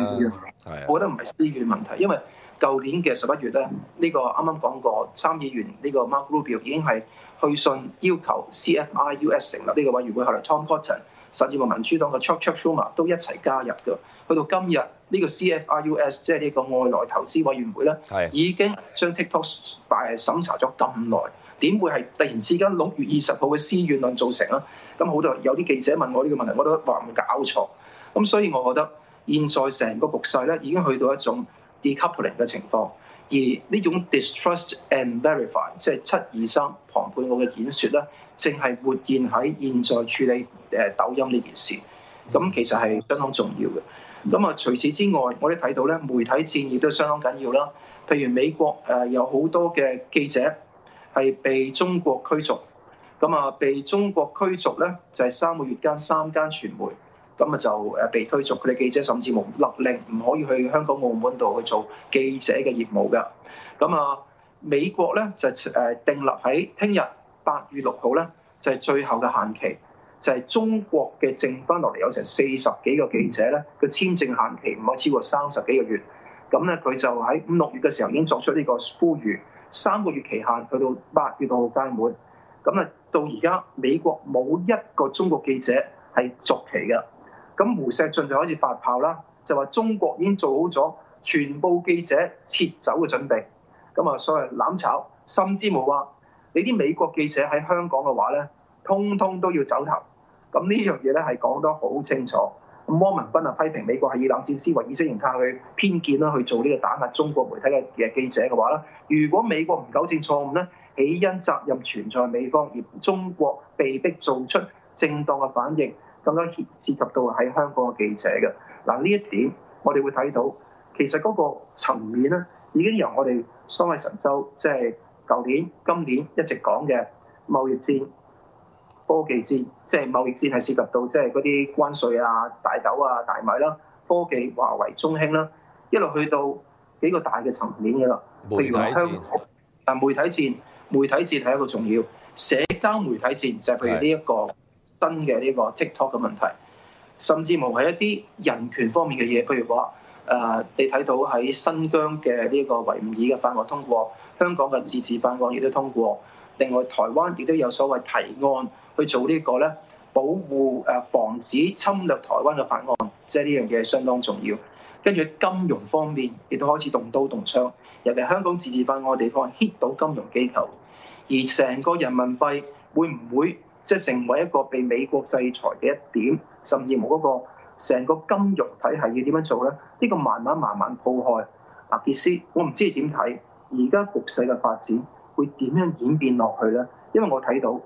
係，我覺得唔係私怨問題，因為舊年嘅十一月咧，呢、這個啱啱講過參議員呢個 Mark Rubio 已經係去信要求 CFIUS 成立呢個委員會，後來的 Tom Cotton 甚至乎民主黨嘅 Chuck、ok Ch ok、Schumer 都一齊加入㗎。去到今日，呢、這個 CFIUS 即係呢個外來投資委員會咧，係的已經將 TikTok 擺審查咗咁耐。點會係突然之間六月二十號嘅私怨論造成啦？咁好多有啲記者問我呢個問題，我都話唔搞錯。咁所以，我覺得現在成個局勢咧已經去到一種 decoupling 嘅情況，而呢種 distrust and verify，即係七二三蓬佩奧嘅演說咧，正係活現喺現在處理誒、呃、抖音呢件事。咁其實係相當重要嘅。咁啊，除此之外，我哋睇到咧媒體戰亦都相當緊要啦。譬如美國誒、呃、有好多嘅記者。係被中國驅逐，咁啊，被中國驅逐咧，就係三個月間三間傳媒，咁啊就誒被驅逐佢哋記者，甚至冇立令唔可以去香港、澳門度去做記者嘅業務嘅。咁啊，美國咧就誒定立喺聽日八月六號咧，就係最後嘅限期，就係中國嘅剩翻落嚟有成四十幾個記者咧，個簽證限期唔可以超過三十幾個月，咁咧佢就喺五六月嘅時候已經作出呢個呼籲。三個月期限去到八月六號屆滿，咁啊到而家美國冇一個中國記者係續期嘅，咁胡錫進就開始發炮啦，就話中國已經做好咗全部記者撤走嘅準備，咁啊所謂攬炒，甚至冇話，你啲美國記者喺香港嘅話咧，通通都要走頭，咁呢樣嘢咧係講得好清楚。汪文斌啊，批評美國係以冷戰思維、意識形態去偏見啦，去做呢個打壓中國媒體嘅嘅記者嘅話啦。如果美國唔糾正錯誤咧，起因責任存在美方，而中國被逼做出正當嘅反應，咁樣更加涉及到喺香港嘅記者嘅。嗱、啊、呢一點我哋會睇到，其實嗰個層面咧已經由我哋桑海神州即係舊年、今年一直講嘅貿易戰。科技戰即係貿易戰係涉及到即係嗰啲關稅啊、大豆啊、大米啦、啊、科技、華為、中興啦、啊，一路去到幾個大嘅層面嘅、啊、啦，譬如話香港，媒體戰，啊，媒體戰媒體戰係一個重要，社交媒體戰就係譬如呢、這、一個是的 新嘅呢個 TikTok 嘅問題，甚至乎係一啲人權方面嘅嘢，譬如話誒、呃，你睇到喺新疆嘅呢個維吾爾嘅法案通過，香港嘅自治法案亦都通過，另外台灣亦都有所謂提案。去做呢個咧，保護，誒防止侵略台灣嘅法案，即係呢樣嘢相當重要。跟住金融方面亦都開始動刀動槍，尤其香港自治法案嘅地方 hit 到金融機構，而成個人民幣會唔會即係成為一個被美國制裁嘅一點，甚至乎嗰個成個金融體系要點樣做咧？呢個慢慢慢慢鋪開。阿傑斯，我唔知你點睇而家局勢嘅發展會點樣演變落去咧？因為我睇到。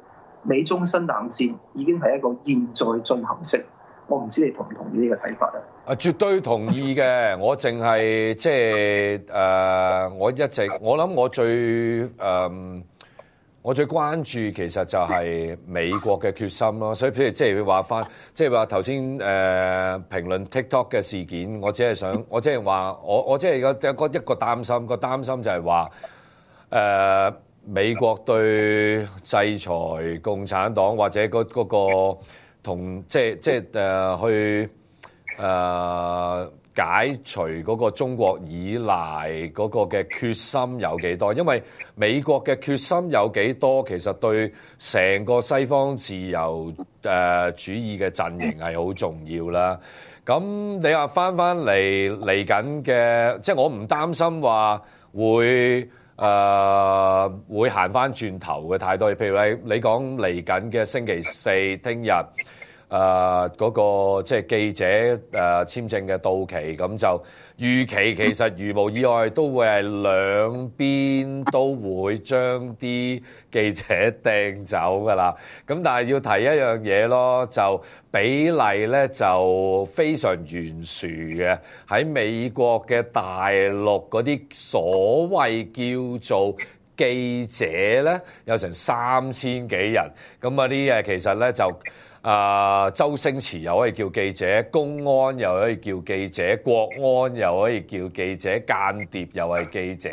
美中新冷戰已經係一個現在進行式，我唔知你同唔同意呢個睇法啊？啊，絕對同意嘅。我淨係即係誒，我一直我諗我最誒、呃，我最關注其實就係美國嘅決心咯。所以譬如即係話返，即係話頭先誒，評論 TikTok 嘅事件，我只係想，我即係話，我我即係一個擔心，個擔心就係話誒。呃美國對制裁共產黨或者嗰個同即即、呃、去、呃、解除嗰個中國依賴嗰個嘅決心有幾多？因為美國嘅決心有幾多，其實對成個西方自由誒、呃、主義嘅陣營係好重要啦。咁你話翻翻嚟嚟緊嘅，即係我唔擔心話會。呃，會行翻轉頭嘅太多，譬如你你講嚟緊嘅星期四聽日。誒嗰、uh, 那個即係、就是、記者誒、uh, 簽證嘅到期，咁就預期其實如無意外都會係兩邊都會將啲記者掟走㗎啦。咁但係要提一樣嘢咯，就比例呢就非常懸殊嘅。喺美國嘅大陸嗰啲所謂叫做記者呢，有成三千幾人，咁啊呢嘢其實呢就。啊，周星馳又可以叫記者，公安又可以叫記者，國安又可以叫記者，間諜又係記者，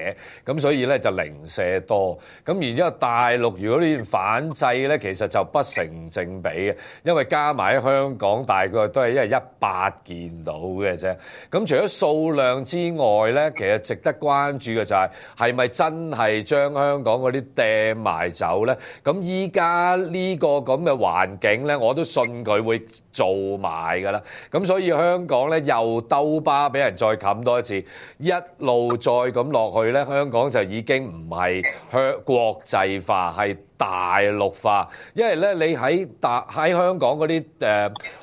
咁所以咧就零舍多，咁然之後大陸如果呢件反制咧，其實就不成正比嘅，因為加埋喺香港大概都係因為一百件到嘅啫，咁除咗數量之外咧，其實值得關注嘅就係係咪真係將香港嗰啲掟埋走咧？咁依家呢個咁嘅環境咧，我都，信佢會做埋㗎啦，咁所以香港呢，又兜巴，俾人再冚多一次，一路再咁落去呢，香港就已經唔係香國際化係。大陸化，因為咧你喺大喺香港嗰啲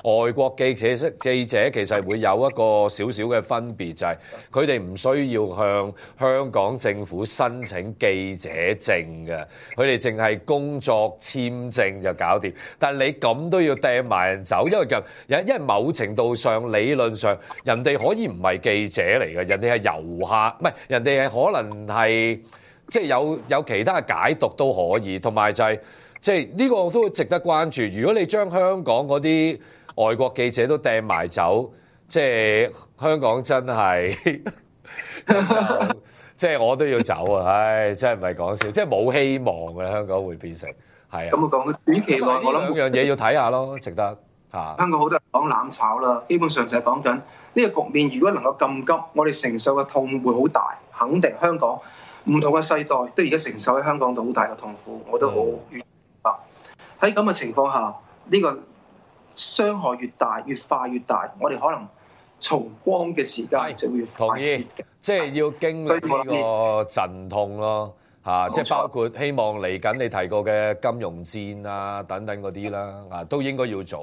誒外國記者，記者其實會有一個少少嘅分別，就係佢哋唔需要向香港政府申請記者證嘅，佢哋淨係工作簽證就搞掂。但係你咁都要掟埋人走，因為入因因為某程度上理論上人哋可以唔係記者嚟嘅，人哋係遊客，唔係人哋係可能係。即係有有其他嘅解讀都可以，同埋就係、是、即係呢個都值得關注。如果你將香港嗰啲外國記者都掟埋走，即係香港真係， 即係我都要走啊！唉，真係唔係講笑，即係冇希望嘅香港會變成係啊。咁我講個短期內，我諗兩樣嘢要睇下咯，值得嚇。啊、香港好多人講攬炒啦，基本上就係講緊呢個局面，如果能夠咁急，我哋承受嘅痛會好大，肯定香港。唔同嘅世代都而家承受喺香港度好大嘅痛苦，我都好明白。喺咁嘅情況下，呢、這個傷害越大，越快越大，我哋可能重光嘅時間就會越快。同意，大即係要經歷呢個陣痛咯，嚇意！即係包括希望嚟緊你提過嘅金融戰啊等等嗰啲啦，啊錯，都應該要做，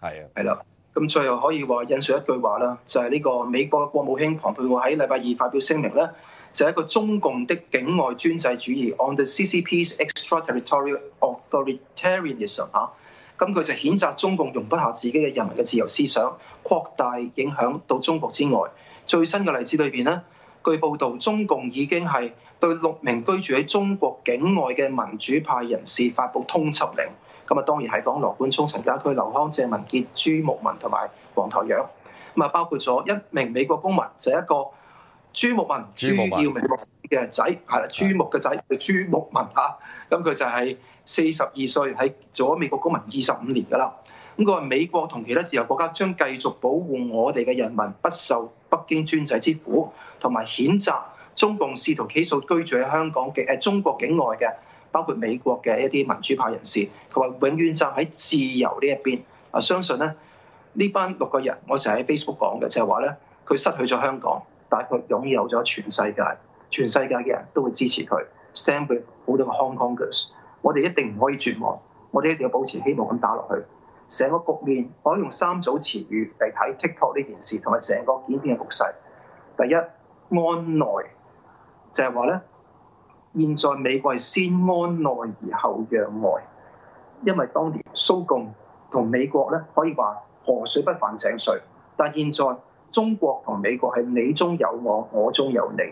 係啊。係啦，咁最後可以話，引述一句話啦，就係、是、呢個美國國務卿蓬佩奧喺禮拜二發表聲明咧。就係一個中共的境外專制主義，on the CCP's extraterritorial authoritarianism 嚇。咁佢就譴責中共容不下自己嘅人民嘅自由思想，擴大影響到中國之外。最新嘅例子裏邊咧，據報導中共已經係對六名居住喺中國境外嘅民主派人士發布通緝令。咁啊，當然係講羅冠聰、陳家駒、劉康、謝文傑、朱牧民同埋黃台仰。咁啊，包括咗一名美國公民，就係、是、一個。朱木文，朱耀明嘅仔係朱木嘅仔，叫朱木文吓，咁、啊、佢就係四十二歲，喺咗美國公民二十五年噶啦。咁佢話美國同其他自由國家將繼續保護我哋嘅人民不受北京專制之苦，同埋譴責中共試圖起訴居住喺香港嘅誒、呃、中國境外嘅包括美國嘅一啲民主派人士。佢話永遠站喺自由呢一邊。啊！相信咧呢班六個人，我成日喺 Facebook 講嘅就係話咧，佢失去咗香港。佢擁有咗全世界，全世界嘅人都會支持佢。Stand with 好多個 Hong Kongers，我哋一定唔可以絕望，我哋一定要保持希望咁打落去。成個局面可以用三組詞語嚟睇 TikTok 呢件事同埋成個整片嘅局勢。第一，安內，就係話咧，現在美國係先安內而後攘外，因為當年蘇共同美國咧可以話河水不犯井水，但現在。中國同美國係你中有我，我中有你。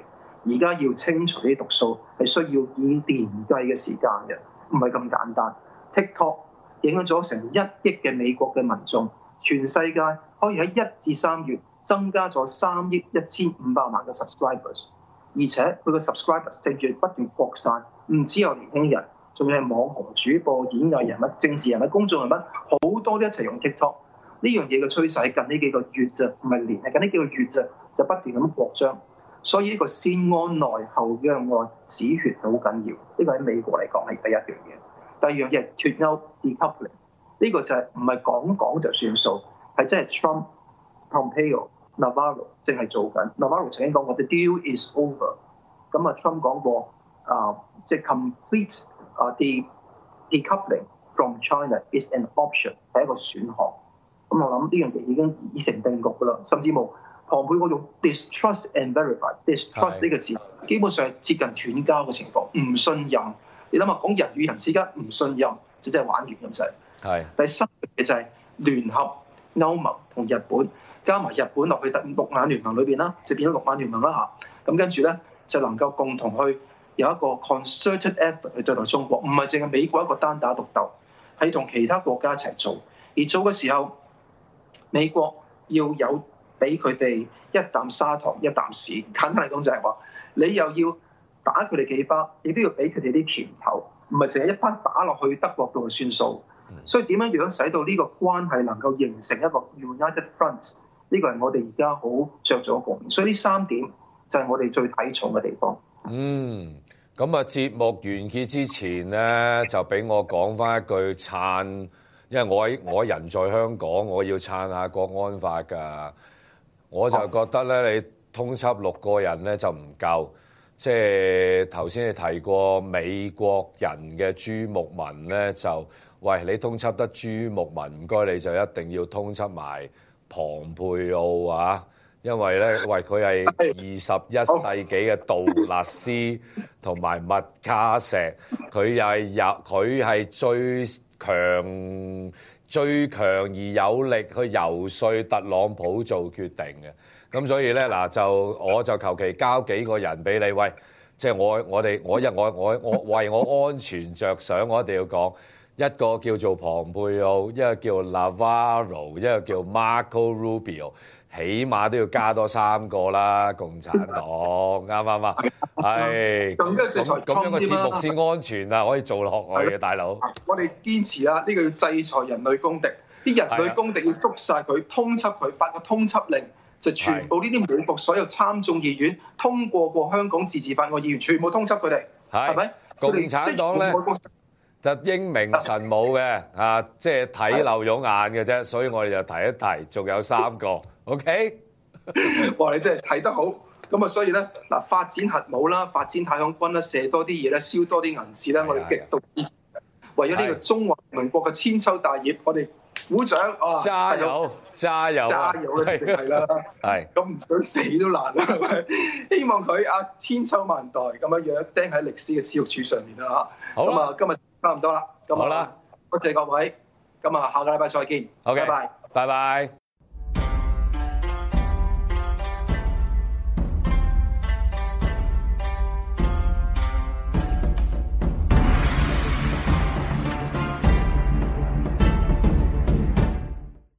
而家要清除啲毒素係需要以年計嘅時間嘅，唔係咁簡單。TikTok 影響咗成一億嘅美國嘅民眾，全世界可以喺一至三月增加咗三億一千五百萬嘅 subscribers，而且佢嘅 subscribers 正月不斷擴散，唔只有年輕人，仲有網紅主播、演藝人物、政治人物、公眾人物，好多都一齊用 TikTok。呢樣嘢嘅趨勢近呢幾個月咋，唔係年，係近呢幾個月咋，就不斷咁擴張。所以呢個先安內後讓外止血好緊要。呢個喺美國嚟講係第一樣嘢。第二樣嘢，脫歐 decoupling 呢個就係唔係講講就算數，係真係 Trump、Trump、Pompeo、Navarro 淨係做緊。Navarro 曾經講過 thedeal is over。咁啊 Trump 講過啊，即係 complete 啊，the decoupling from China is an option，係一個選項。咁我諗呢樣嘢已經已成定局㗎啦，甚至冇蓬佩奧嗰種 distrust and verify distrust 呢是個字，基本上接近斷交嘅情況，唔信任。你諗下，講人與人之間唔信任，就真、是、係玩完咁滯。係、就是，是第三嘢就係、是、聯合歐盟同日本，加埋日本落去特六眼聯盟裏邊啦，就變咗六眼聯盟啦嚇。咁跟住咧，就能夠共同去有一個 concerted effort 去對待中國，唔係淨係美國一個單打獨鬥，係同其他國家一齊做，而做嘅時候。美國要有俾佢哋一啖砂糖，一啖屎，簡單嚟講就係話，你又要打佢哋幾巴，你都要俾佢哋啲甜頭，唔係淨係一巴打落去德國度就算數。所以點樣樣使到呢個關係能夠形成一個 United Front，呢個係我哋而家好着咗嘅。所以呢三點就係我哋最睇重嘅地方。嗯，咁啊，節目完結之前咧，就俾我講翻一句撐。因為我我人在香港，我要撐下《國安法》㗎，我就覺得咧，你通緝六個人咧就唔夠，即係頭先你提過美國人嘅朱牧民咧，就喂你通緝得朱牧民唔該，你就一定要通緝埋龐佩奧啊！因為咧，喂，佢係二十一世紀嘅杜勒斯同埋麥卡錫，佢係入佢係最強、最強而有力去游說特朗普做決定嘅。咁所以咧，嗱，就我就求其交幾個人俾你，喂，即係我我哋我因我我我為我安全着想，我一定要講 一個叫做蓬佩奧，一個叫拉瓦羅，一個叫 Marco Rubio。起碼都要加多三個啦，共產黨啱唔啱啊？係咁咁樣嘅節目先安全啊！ 可以做落去嘅、啊、大佬。我哋堅持啦，呢、這個要制裁人類公敵，啲人類公敵要捉晒佢，通緝佢，發個通緝令，就全部呢啲美國所有參眾議院通過過香港自治法案議員，全部通緝佢哋，係咪？共產黨咧就英明神武嘅啊，即係睇漏咗眼嘅啫，所以我哋就提一提，仲有三個。O K，哇你真係睇得好，咁啊所以咧嗱，發展核武啦，發展太空軍啦，射多啲嘢啦，燒多啲銀紙啦，我哋極度支持，為咗呢個中華民國嘅千秋大業，我哋鼓掌啊！加油，加油，加油啦，係啦，係，咁唔想死都難啦，希望佢啊千秋萬代咁樣樣釘喺歷史嘅恥辱柱上面啦嚇。好，咁啊今日差唔多啦，咁好啦，多謝各位，咁啊下個禮拜再見，O K，拜拜，拜拜。